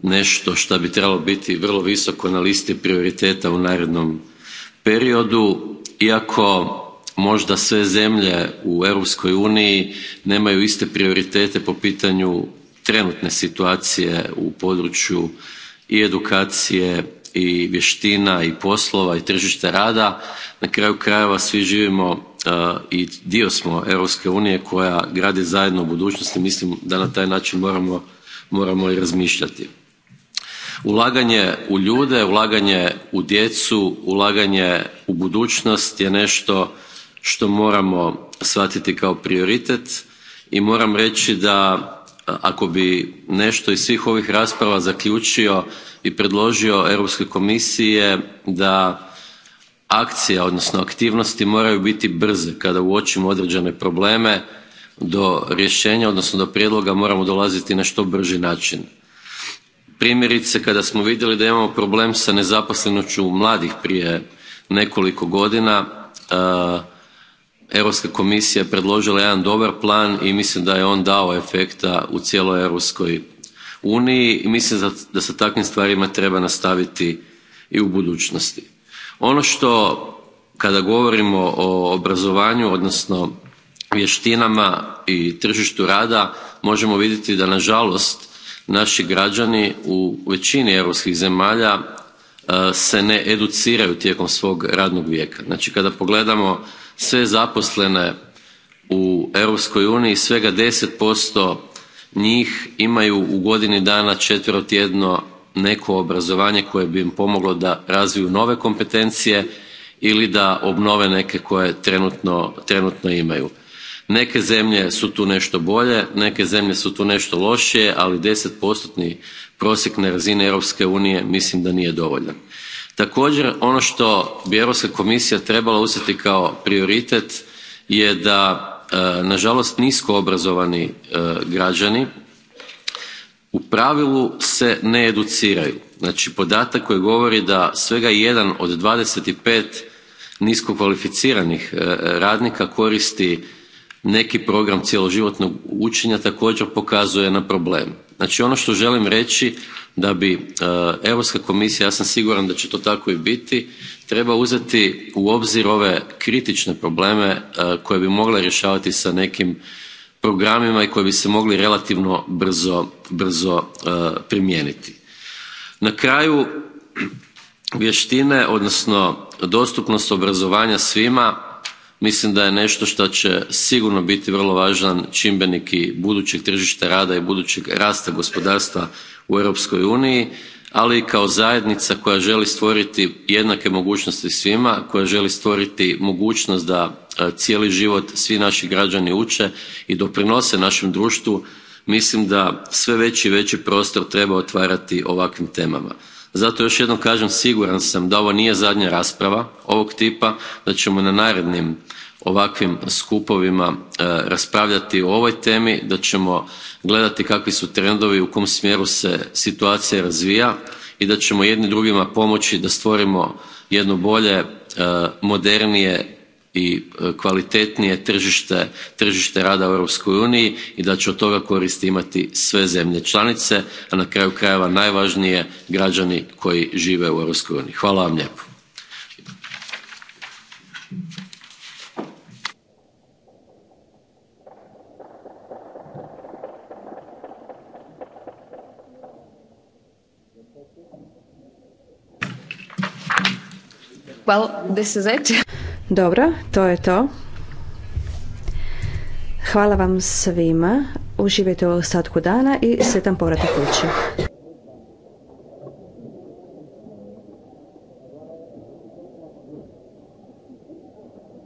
nešto što bi trebalo biti vrlo visoko na listi prioriteta u narednom periodu iako možda sve zemlje u europskoj uniji nemaju iste prioritete po pitanju trenutne situacije u području i edukacije i vještina i poslova i tržišta rada. Na kraju krajeva svi živimo e, i dio smo Europske unije koja gradi zajedno u budućnosti mislim da na taj način moramo, moramo i razmišljati. Ulaganje u ljude, ulaganje u djecu, ulaganje u budućnost je nešto što moramo shvatiti kao prioritet i moram reći da ako bi nešto iz svih ovih rasprava zaključio i predložio europskoj komisiji je da akcija odnosno aktivnosti moraju biti brze kada uočimo određene probleme do rješenja odnosno do prijedloga moramo dolaziti na što brži način primjerice kada smo vidjeli da imamo problem sa nezaposlenošću mladih prije nekoliko godina Europska komisija je predložila jedan dobar plan i mislim da je on dao efekta u cijeloj Europskoj uniji i mislim da sa takvim stvarima treba nastaviti i u budućnosti. Ono što kada govorimo o obrazovanju odnosno vještinama i tržištu rada možemo vidjeti da nažalost naši građani u većini europskih zemalja e, se ne educiraju tijekom svog radnog vijeka. Znači kada pogledamo sve zaposlene u europskoj uniji svega posto njih imaju u godini dana etverotjedno neko obrazovanje koje bi im pomoglo da razviju nove kompetencije ili da obnove neke koje trenutno imaju. neke zemlje su tu nešto bolje neke zemlje su tu nešto lošije, ali ten prosjek na razini europske unije mislim da nije dovoljan. Također ono što bi Europska komisija trebala uzeti kao prioritet je da e, nažalost nisko obrazovani e, građani u pravilu se ne educiraju. Znači podatak koji govori da svega jedan od 25 kvalificiranih e, radnika koristi neki program cjeloživotnog učenja također pokazuje na problem. Znači ono što želim reći da bi e, Europska komisija, ja sam siguran da će to tako i biti, treba uzeti u obzir ove kritične probleme e, koje bi mogla rješavati sa nekim programima i koji bi se mogli relativno brzo, brzo e, primijeniti. Na kraju vještine odnosno dostupnost obrazovanja svima mislim da je nešto što će sigurno biti vrlo važan čimbenik i budućeg tržišta rada i budućeg rasta gospodarstva u europskoj uniji ali i kao zajednica koja želi stvoriti jednake mogućnosti svima koja želi stvoriti mogućnost da e, cijeli život svi naši građani uče i doprinose našem društvu mislim da sve veći i veći prostor treba otvarati ovakvim temama zato još jednom kažem siguran sam da ovo nije zadnja rasprava ovog tipa da ćemo na narednim ovakvim skupovima e, raspravljati o ovoj temi da ćemo gledati kakvi su trendovi u kom smjeru se situacija razvija i da ćemo jedni drugima pomoći da stvorimo jedno bolje e, modernije i e, kvalitetnije tržište rada u EU i da će od toga koristi imati sve zemlje članice a na kraju krajeva najvažnije građani koji žive u EU. hvala vam lijepo. Well, dobro, to je to. Hvala vam svima. Uživajte u ostatku dana i sretan povratak kući.